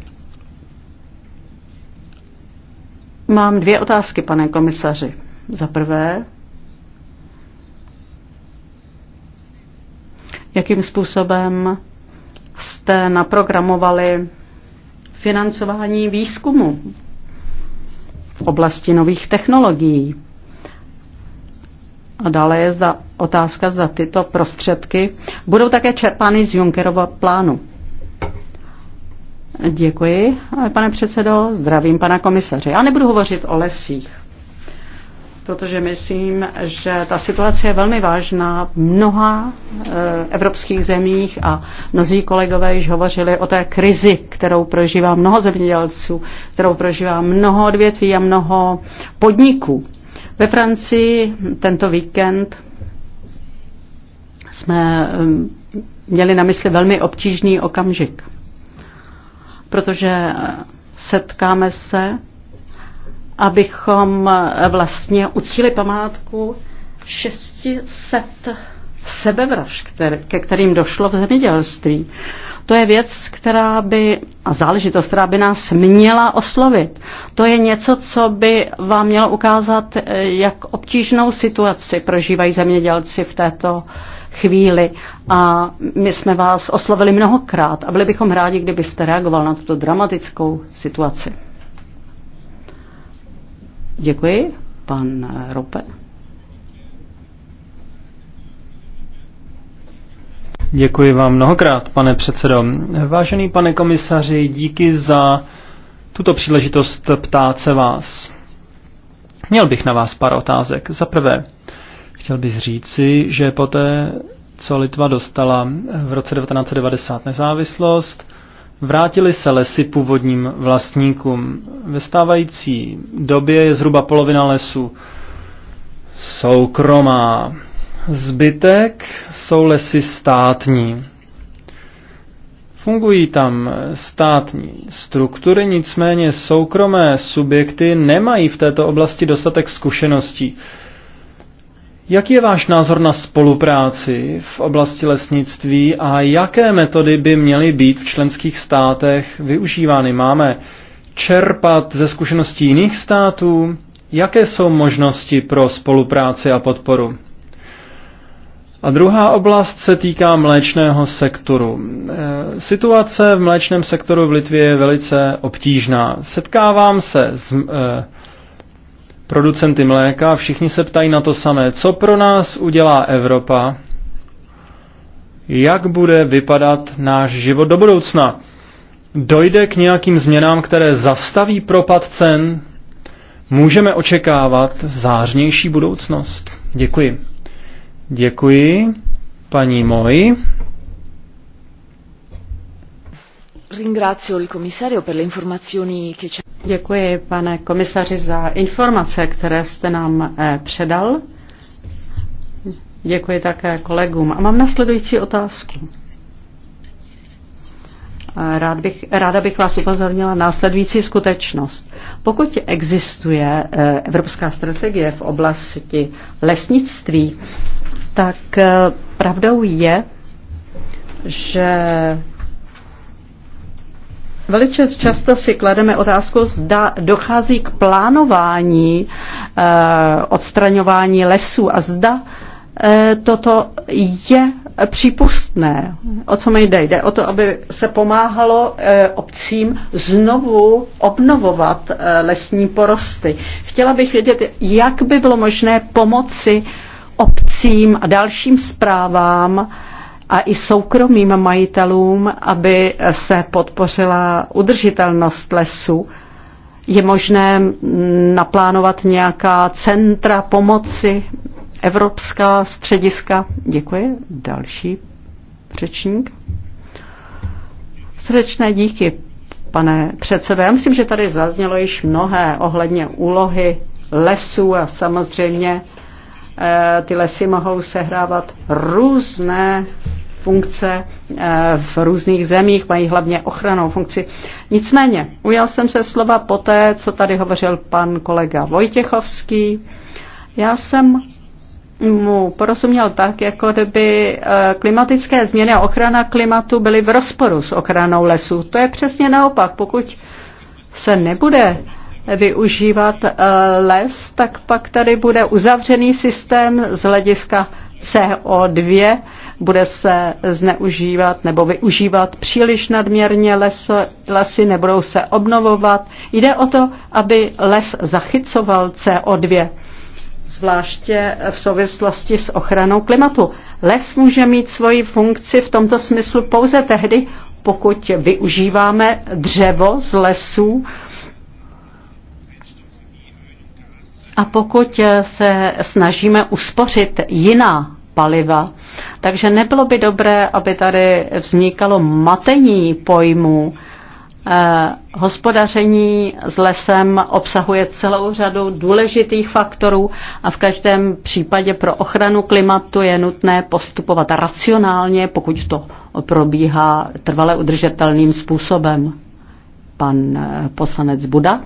Mám dvě otázky, pane komisaři. Za prvé, jakým způsobem jste naprogramovali financování výzkumu v oblasti nových technologií. A dále je zda otázka, zda tyto prostředky budou také čerpány z Junckerova plánu. Děkuji, pane předsedo. Zdravím pana komisaře. Já nebudu hovořit o lesích protože myslím, že ta situace je velmi vážná v mnoha eh, evropských zemích a mnozí kolegové již hovořili o té krizi, kterou prožívá mnoho zemědělců, kterou prožívá mnoho odvětví a mnoho podniků. Ve Francii tento víkend jsme eh, měli na mysli velmi obtížný okamžik, protože eh, setkáme se abychom vlastně uctili památku 600 sebevražd, ke kterým došlo v zemědělství. To je věc, která by, a záležitost, která by nás měla oslovit. To je něco, co by vám mělo ukázat, eh, jak obtížnou situaci prožívají zemědělci v této chvíli. A my jsme vás oslovili mnohokrát a byli bychom rádi, kdybyste reagoval na tuto dramatickou situaci. Děkuji. Pan eh, Rope. Děkuji vám mnohokrát, pane předsedo. Vážený pane komisaři, díky za tuto příležitost ptát se vás. Měl bych na vás pár otázek. Za prvé, chtěl bych říci, že poté, co Litva dostala v roce 1990 nezávislost, Vrátili se lesy původním vlastníkům. Ve stávající době je zhruba polovina lesů soukromá. Zbytek jsou lesy státní. Fungují tam státní struktury, nicméně soukromé subjekty nemají v této oblasti dostatek zkušeností. Jaký je váš názor na spolupráci v oblasti lesnictví a jaké metody by měly být v členských státech využívány? Máme čerpat ze zkušeností jiných států? Jaké jsou možnosti pro spolupráci a podporu? A druhá oblast se týká mléčného sektoru. Eh, situace v mléčném sektoru v Litvě je velice obtížná. Setkávám se s eh, producenty mléka a všichni se ptají na to samé. Co pro nás udělá Evropa? Jak bude vypadat náš život do budoucna? Dojde k nějakým změnám, které zastaví propad cen? Můžeme očekávat zářnější budoucnost. Děkuji. Děkuji, paní moji. Děkuji, pane komisaři, za informace, které jste nám eh, předal. Děkuji také kolegům. A mám následující otázku. Eh, rád bych, ráda bych vás upozornila následující skutečnost. Pokud existuje eh, evropská strategie v oblasti lesnictví, tak pravdou je, že Velice často si klademe otázku, zda dochází k plánování e, odstraňování lesů a zda e, toto je přípustné. O co mi jde? Jde o to, aby se pomáhalo eh, obcím znovu obnovovat lesní porosty. Chtěla bych vědět, jak by bylo možné pomoci obcím a dalším zprávám a i soukromým majitelům, aby se podpořila udržitelnost lesu, Je možné naplánovat nějaká centra pomoci, evropská střediska. Děkuji. Další řečník. Srdečné díky, pane předsedo. Já myslím, že tady zaznělo již mnohé ohledně úlohy lesů a samozřejmě eh, ty lesy mohou sehrávat různé funkce eh, v různých zemích, mají hlavně ochranou funkci. Nicméně, ujal jsem se slova poté, co tady hovořil pan kolega Vojtěchovský. Já jsem mu porozuměl tak, jako kdyby eh, klimatické změny a ochrana klimatu byly v rozporu s ochranou lesů. To je přesně naopak. Pokud se nebude využívat eh, les, tak pak tady bude uzavřený systém z hlediska CO2 bude se zneužívat nebo využívat příliš nadměrně leso, lesy, nebudou se obnovovat. Jde o to, aby les zachycoval CO2, zvláště v souvislosti s ochranou klimatu. Les může mít svoji funkci v tomto smyslu pouze tehdy, pokud využíváme dřevo z lesů, a pokud se snažíme uspořit jiná paliva, takže nebylo by dobré, aby tady vznikalo matení pojmů. Eh, hospodaření s lesem obsahuje celou řadu důležitých faktorů a v každém případě pro ochranu klimatu je nutné postupovat racionálně, pokud to probíhá trvale udržitelným způsobem. Pan eh, poslanec Buda.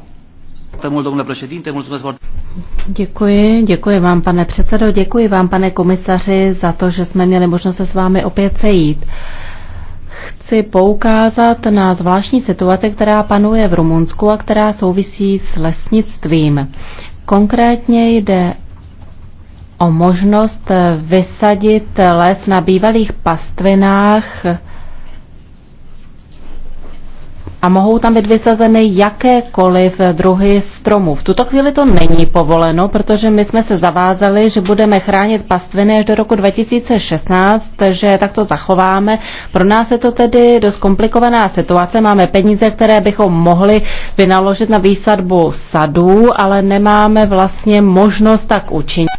Děkuji, děkuji vám, pane předsedo, děkuji vám, pane komisaři, za to, že jsme měli možnost se s vámi opět sejít. Chci poukázat na zvláštní situaci, která panuje v Rumunsku a která souvisí s lesnictvím. Konkrétně jde o možnost vysadit les na bývalých pastvinách a mohou tam být vysazeny jakékoliv druhy stromů. V tuto chvíli to není povoleno, protože my jsme se zavázali, že budeme chránit pastviny až do roku 2016, že tak to zachováme. Pro nás je to tedy dost komplikovaná situace. Máme peníze, které bychom mohli vynaložit na výsadbu sadů, ale nemáme vlastně možnost tak učinit.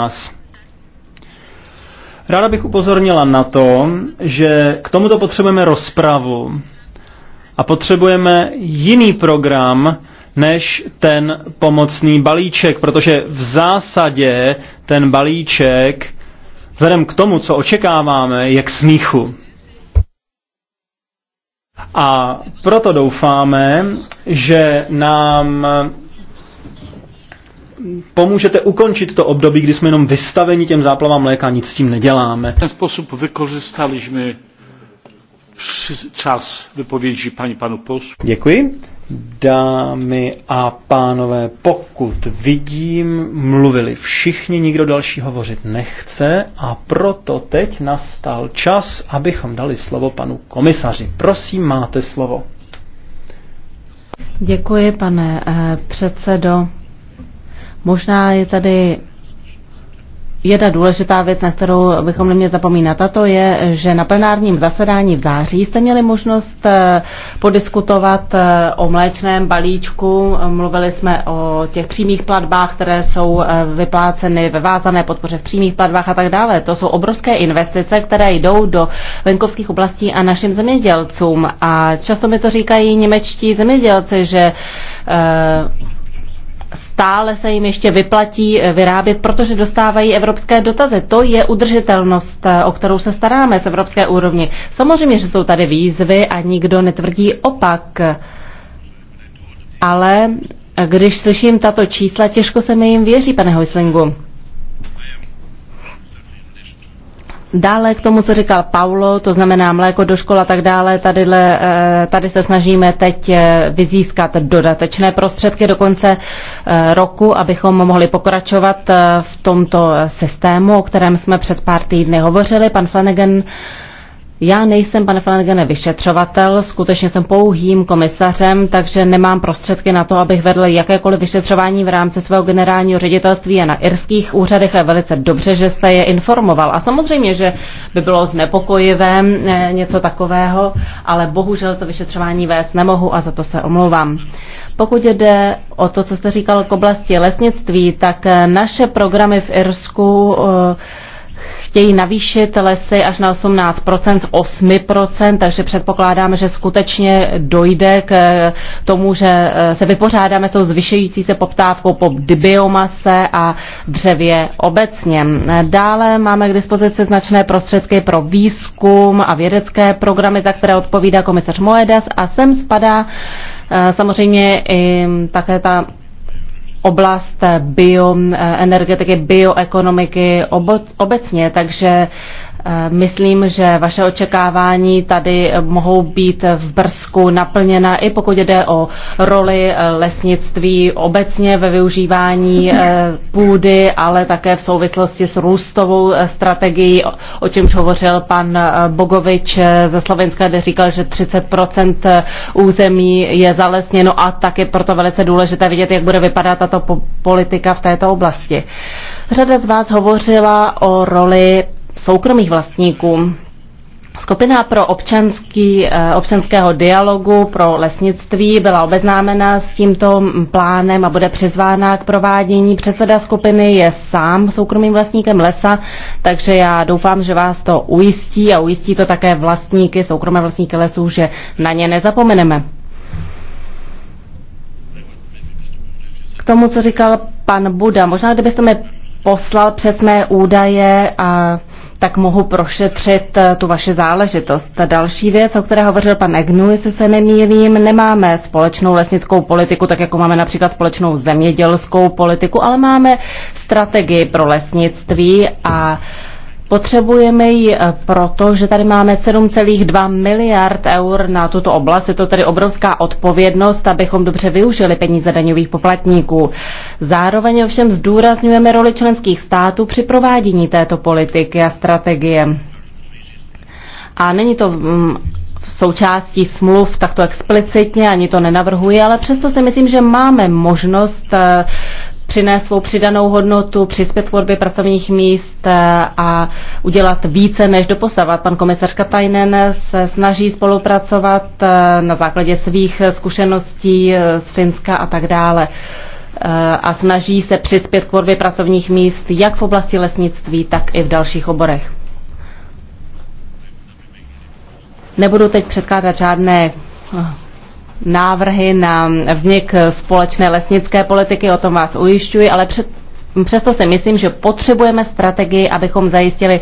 nás. Ráda bych upozornila na to, že k tomuto potřebujeme rozpravu a potřebujeme jiný program než ten pomocný balíček, protože v zásadě ten balíček, vzhledem k tomu, co očekáváme, je k smíchu. A proto doufáme, že nám pomůžete ukončit to období, kdy jsme jenom vystaveni těm záplavám mléka, nic s tím neděláme. ten způsob vykořistali jsme čas vypovědí paní panu poslu. Děkuji. Dámy a pánové, pokud vidím, mluvili všichni, nikdo další hovořit nechce a proto teď nastal čas, abychom dali slovo panu komisaři. Prosím, máte slovo. Děkuji, pane eh, předsedo. Možná je tady Jedna důležitá věc, na kterou bychom neměli zapomínat, a to je, že na plenárním zasedání v září jste měli možnost eh, podiskutovat eh, o mléčném balíčku. Mluvili jsme o těch přímých platbách, které jsou eh, vypláceny ve vázané podpoře v přímých platbách a tak dále. To jsou obrovské investice, které jdou do venkovských oblastí a našim zemědělcům. A často mi to říkají němečtí zemědělci, že stále se jim ještě vyplatí eh, vyrábět, protože dostávají evropské dotazy. To je udržitelnost, eh, o kterou se staráme z evropské úrovni. Samozřejmě, že jsou tady výzvy a nikdo netvrdí opak. Ale eh, když slyším tato čísla, těžko se mi jim věří, pane Hojslingu. Dále k tomu, co říkal Paulo, to znamená mléko do škol a tak dále, tady, eh, tady se snažíme teď eh, vyzískat dodatečné prostředky do konce eh, roku, abychom mohli pokračovat v tomto systému, o kterém jsme před pár týdny hovořili. Pan Flanagan já nejsem, pane Flanagane, vyšetřovatel, skutečně jsem pouhým komisařem, takže nemám prostředky na to, abych vedl jakékoliv vyšetřování v rámci svého generálního ředitelství a na irských úřadech a velice dobře, že jste je informoval. A samozřejmě, že by bylo znepokojivé eh, něco takového, ale bohužel to vyšetřování vést nemohu a za to se omlouvám. Pokud jde o to, co jste říkal k oblasti lesnictví, tak eh, naše programy v Irsku uh, chtějí navýšit lesy až na 18% z 8%, takže předpokládáme, že skutečně dojde k eh, tomu, že eh, se vypořádáme s tou zvyšující se poptávkou po biomase a dřevě obecně. Dále máme k dispozici značné prostředky pro výzkum a vědecké programy, za které odpovídá komisař Moedas a sem spadá eh, samozřejmě i také ta oblast eh, bioenergetiky, eh, bioekonomiky obecně, takže Eh, myslím, že vaše očekávání tady eh, mohou být v Brzku naplněna, i pokud jde o roli eh, lesnictví obecně ve využívání půdy, ale také v souvislosti s růstovou strategií, o čemž hovořil pan Bogovič ze Slovenska, kde říkal, že 30% území je zalesněno a tak je proto velice důležité vidět, jak bude vypadat tato politika v této oblasti. Řada z vás hovořila o roli soukromých vlastníků. Skupina pro občanský, eh, občanského dialogu pro lesnictví byla obeznámena s tímto plánem a bude přizvána k provádění. Předseda skupiny je sám soukromým vlastníkem lesa, takže já doufám, že vás to ujistí a ujistí to také vlastníky, soukromé vlastníky lesů, že na ně nezapomeneme. K tomu, co říkal pan Buda, možná kdybyste mi poslal přesné údaje a tak mohu prošetřit eh, tu vaši záležitost. Ta další věc, o které hovořil pan Egnu, jestli se nemýlím, nemáme společnou lesnickou politiku, tak jako máme například společnou zemědělskou politiku, ale máme strategii pro lesnictví a uh, Potřebujeme ji eh, proto, že tady máme 7,2 miliard eur na tuto oblast. Je to tedy obrovská odpovědnost, abychom dobře využili peníze daňových poplatníků. Zároveň ovšem zdůrazňujeme roli členských států při provádění této politiky a strategie. A není to v mm, součástí smluv takto explicitně, ani to nenavrhuji, ale přesto si myslím, že máme možnost eh, přinést svou přidanou hodnotu, přispět tvorbě pracovních míst eh, a udělat více než doposavat. Pan komisař Katajnen se snaží spolupracovat eh, na základě svých zkušeností eh, z Finska a tak dále a snaží se přispět k tvorbě pracovních míst jak v oblasti lesnictví, tak i v dalších oborech. Nebudu teď předkládat žádné návrhy na vznik společné lesnické politiky, o tom vás ujišťuji, ale před, přesto si myslím, že potřebujeme strategii, abychom zajistili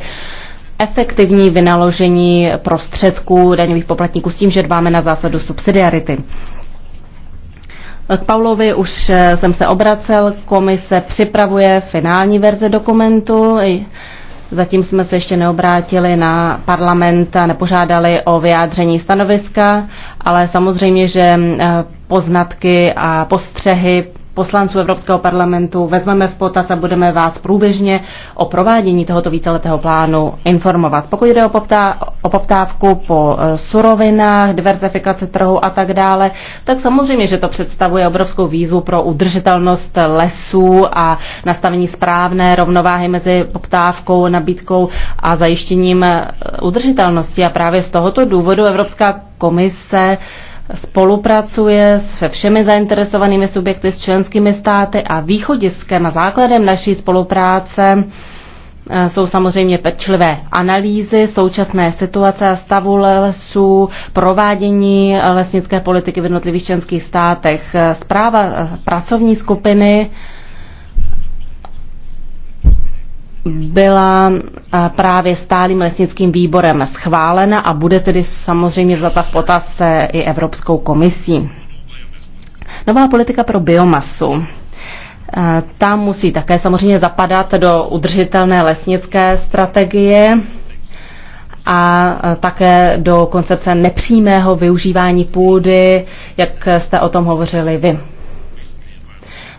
efektivní vynaložení prostředků daňových poplatníků s tím, že dbáme na zásadu subsidiarity. K Paulovi už jsem se obracel, komise připravuje finální verze dokumentu, Zatím jsme se ještě neobrátili na parlament a nepožádali o vyjádření stanoviska, ale samozřejmě, že eh, poznatky a postřehy poslanců Evropského parlamentu vezmeme v potaz a budeme vás průběžně o provádění tohoto víceletého plánu informovat. Pokud jde o, poptá, o poptávku po e, surovinách, diverzifikaci trhu a tak dále, tak samozřejmě, že to představuje obrovskou výzvu pro udržitelnost lesů a nastavení správné rovnováhy mezi poptávkou, nabídkou a zajištěním e, udržitelnosti. A právě z tohoto důvodu Evropská komise spolupracuje se všemi zainteresovanými subjekty, s členskými státy a východiskem a základem naší spolupráce eh, jsou samozřejmě pečlivé analýzy současné situace a stavu lesů, provádění lesnické politiky v jednotlivých členských státech. Eh, zpráva eh, pracovní skupiny byla právě stálým lesnickým výborem schválena a bude tedy samozřejmě vzata v potaz i Evropskou komisí. Nová politika pro biomasu. Ta musí také samozřejmě zapadat do udržitelné lesnické strategie a také do koncepce nepřímého využívání půdy, jak jste o tom hovořili vy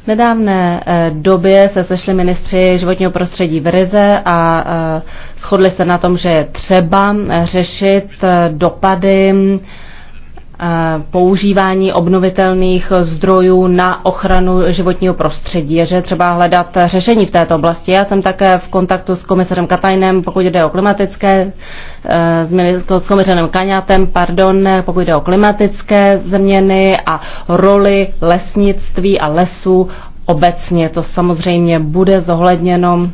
nedávné eh, době se sešli ministři životního prostředí v Rize a eh, shodli se na tom, že je třeba eh, řešit dopady Eh, používání obnovitelných zdrojů na ochranu životního prostředí, že třeba hledat řešení v této oblasti. Já jsem také v kontaktu s komisařem Katajnem, pokud jde o klimatické, eh, s komisařem Kaňátem, pardon, pokud jde o klimatické změny a roli lesnictví a lesů obecně. To samozřejmě bude zohledněno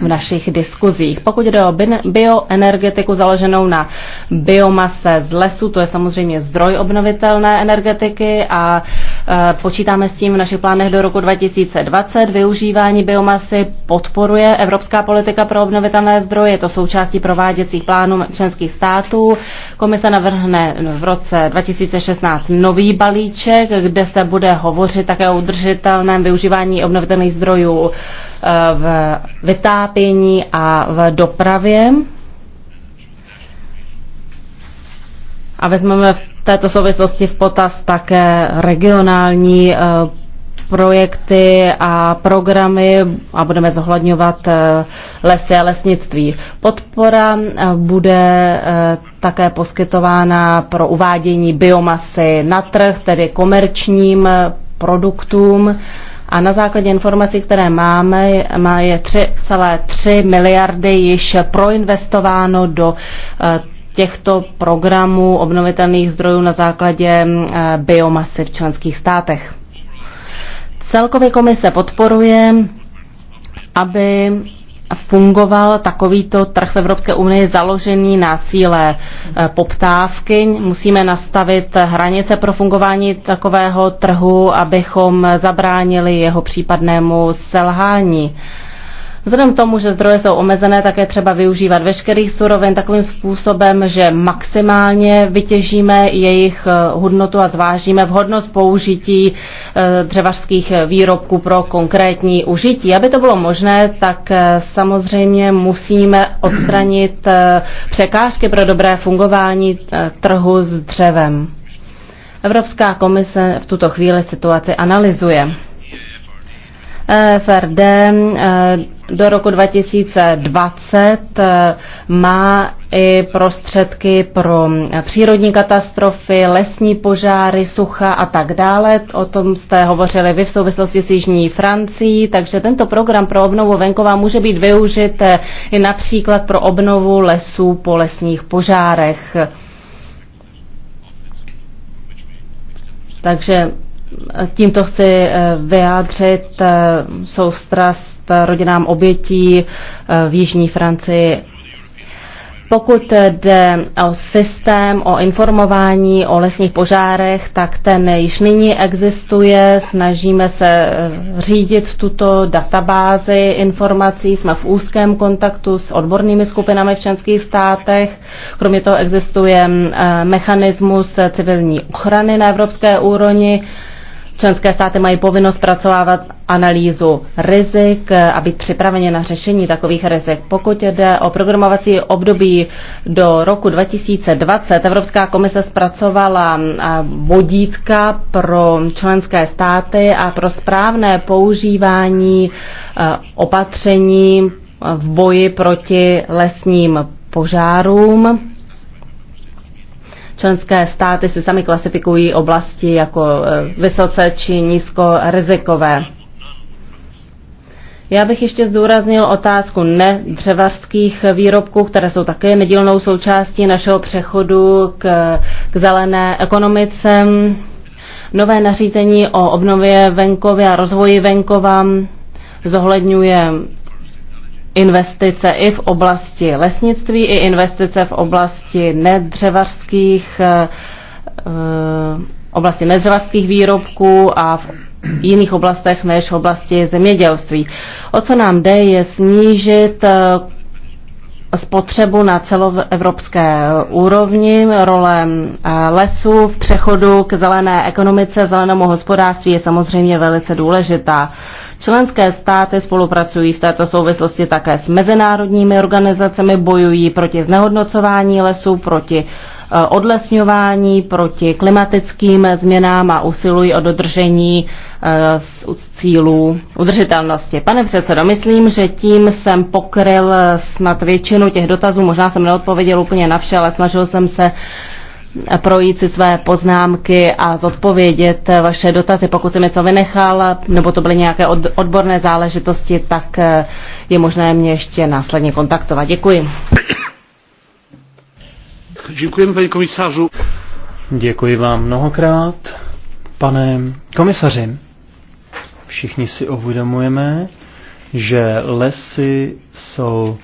v našich diskuzích. Pokud jde o bioenergetiku založenou na biomase z lesu, to je samozřejmě zdroj obnovitelné energetiky a e, počítáme s tím v našich plánech do roku 2020. Využívání biomasy podporuje Evropská politika pro obnovitelné zdroje, to součástí prováděcích plánů členských států. Komise navrhne v roce 2016 nový balíček, kde se bude hovořit také o udržitelném využívání obnovitelných zdrojů v vytápění a v dopravě. A vezmeme v této souvislosti v potaz také regionální eh, projekty a programy a budeme zohledňovat eh, lesy a lesnictví. Podpora eh, bude také poskytována pro uvádění biomasy na trh, tedy komerčním produktům a na základě informací, které máme, má je 3,3 miliardy již proinvestováno do eh, těchto programů obnovitelných zdrojů na základě eh, biomasy v členských státech. Celkově komise podporuje, aby fungoval takovýto trh v Evropské unii založený na síle eh, poptávky. Musíme nastavit hranice pro fungování takového trhu, abychom zabránili jeho případnému selhání. Vzhledem k tomu, že zdroje jsou omezené, tak je třeba využívat veškerých surovin takovým způsobem, že maximálně vytěžíme jejich eh, hodnotu a zvážíme vhodnost použití eh, dřevařských výrobků pro konkrétní užití. Aby to bylo možné, tak eh, samozřejmě musíme odstranit překážky pro dobré fungování trhu s dřevem. Evropská komise v tuto chvíli situaci analyzuje. E FRD e, do roku 2020 e, má i prostředky pro přírodní katastrofy, lesní požáry, sucha a tak dále. O tom jste hovořili vy v souvislosti s Jižní Francií, takže tento program pro obnovu venkova může být využit i například pro obnovu lesů po lesních požárech. Takže Tímto chci eh, vyjádřit eh, soustrast rodinám obětí eh, v Jižní Francii. Pokud jde o systém, o informování o lesních požárech, tak ten již nyní existuje. Snažíme se řídit tuto databázi informací. Jsme v úzkém kontaktu s odbornými skupinami v členských státech. Kromě toho existuje mechanismus civilní ochrany na evropské úrovni Členské státy mají povinnost zpracovávat analýzu rizik eh, a být připraveni na řešení takových rizik. Pokud jde o programovací období do roku 2020, Evropská komise zpracovala eh, vodítka pro členské státy a pro správné používání eh, opatření v boji proti lesním požárům. Členské státy si sami klasifikují oblasti jako eh, vysoce či nízkorizikové. Já bych ještě zdůraznil otázku nedřevařských výrobků, které jsou také nedílnou součástí našeho přechodu k, k zelené ekonomice. Nové nařízení o obnově venkově a rozvoji venkova zohledňuje investice i v oblasti lesnictví, i investice v oblasti nedřevařských eh, eh, oblasti nedřevařských výrobků a v jiných oblastech než v oblasti zemědělství. O co nám jde, je snížit eh, spotřebu na celoevropské úrovni. Role lesů v přechodu k zelené ekonomice, zelenému hospodářství je samozřejmě velice důležitá. Členské státy spolupracují v této souvislosti také s mezinárodními organizacemi, bojují proti znehodnocování lesů, proti eh, odlesňování, proti klimatickým změnám a usilují o dodržení eh, cílů udržitelnosti. Pane předsedo, myslím, že tím jsem pokryl snad většinu těch dotazů. Možná jsem neodpověděl úplně na vše, ale snažil jsem se projít si své poznámky a zodpovědět vaše dotazy. Pokud jsem něco vynechal, nebo to byly nějaké od, odborné záležitosti, tak eh, je možné mě ještě následně kontaktovat. Děkuji. Děkujeme, paní komisářu. Děkuji vám mnohokrát, pane komisaři. Všichni si uvědomujeme, že lesy jsou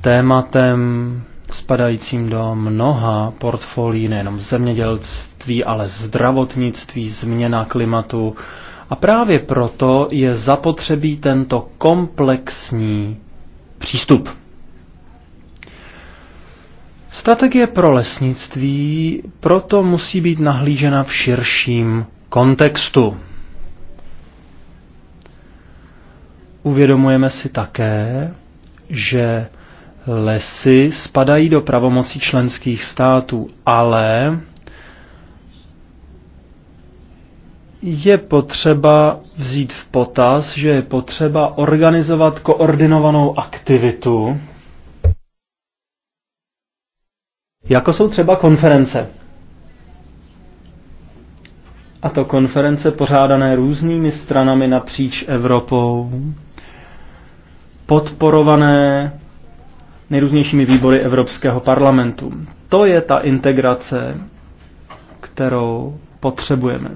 tématem spadajícím do mnoha portfolií, nejenom zemědělství, ale zdravotnictví, změna klimatu. A právě proto je zapotřebí tento komplexní přístup. Strategie pro lesnictví proto musí být nahlížena v širším kontextu. Uvědomujeme si také, že lesy spadají do pravomocí členských států, ale je potřeba vzít v potaz, že je potřeba organizovat koordinovanou aktivitu, jako jsou třeba konference. A to konference pořádané různými stranami napříč Evropou, podporované nejrůznějšími výbory Evropského parlamentu. To je ta integrace, kterou potřebujeme.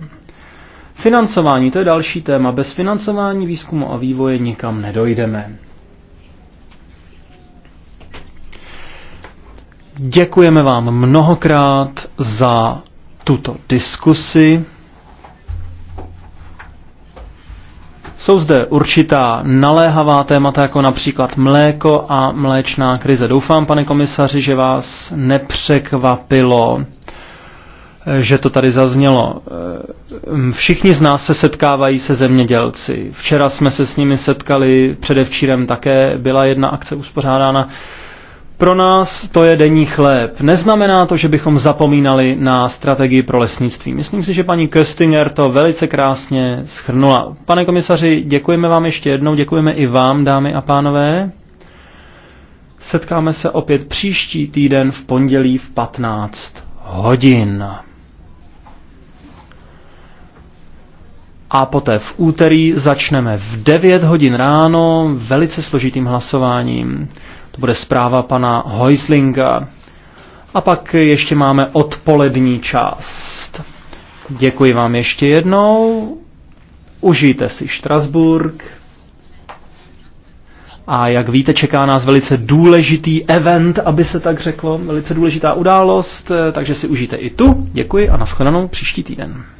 Financování, to je další téma. Bez financování výzkumu a vývoje nikam nedojdeme. Děkujeme vám mnohokrát za tuto diskusi. Jsou zde určitá naléhavá témata, jako například mléko a mléčná krize. Doufám, pane komisaři, že vás nepřekvapilo, že to tady zaznělo. Všichni z nás se setkávají se zemědělci. Včera jsme se s nimi setkali, předevčírem také byla jedna akce uspořádána pro nás to je denní chléb. Neznamená to, že bychom zapomínali na strategii pro lesnictví. Myslím si, že paní Köstinger to velice krásně schrnula. Pane komisaři, děkujeme vám ještě jednou, děkujeme i vám, dámy a pánové. Setkáme se opět příští týden v pondělí v 15 hodin. A poté v úterý začneme v 9 hodin ráno velice složitým hlasováním. To bude zpráva pana Heuslinga. A pak ještě máme odpolední část. Děkuji vám ještě jednou. Užijte si Štrasburg. A jak víte, čeká nás velice důležitý event, aby se tak řeklo, velice důležitá událost, takže si užijte i tu. Děkuji a naschledanou příští týden.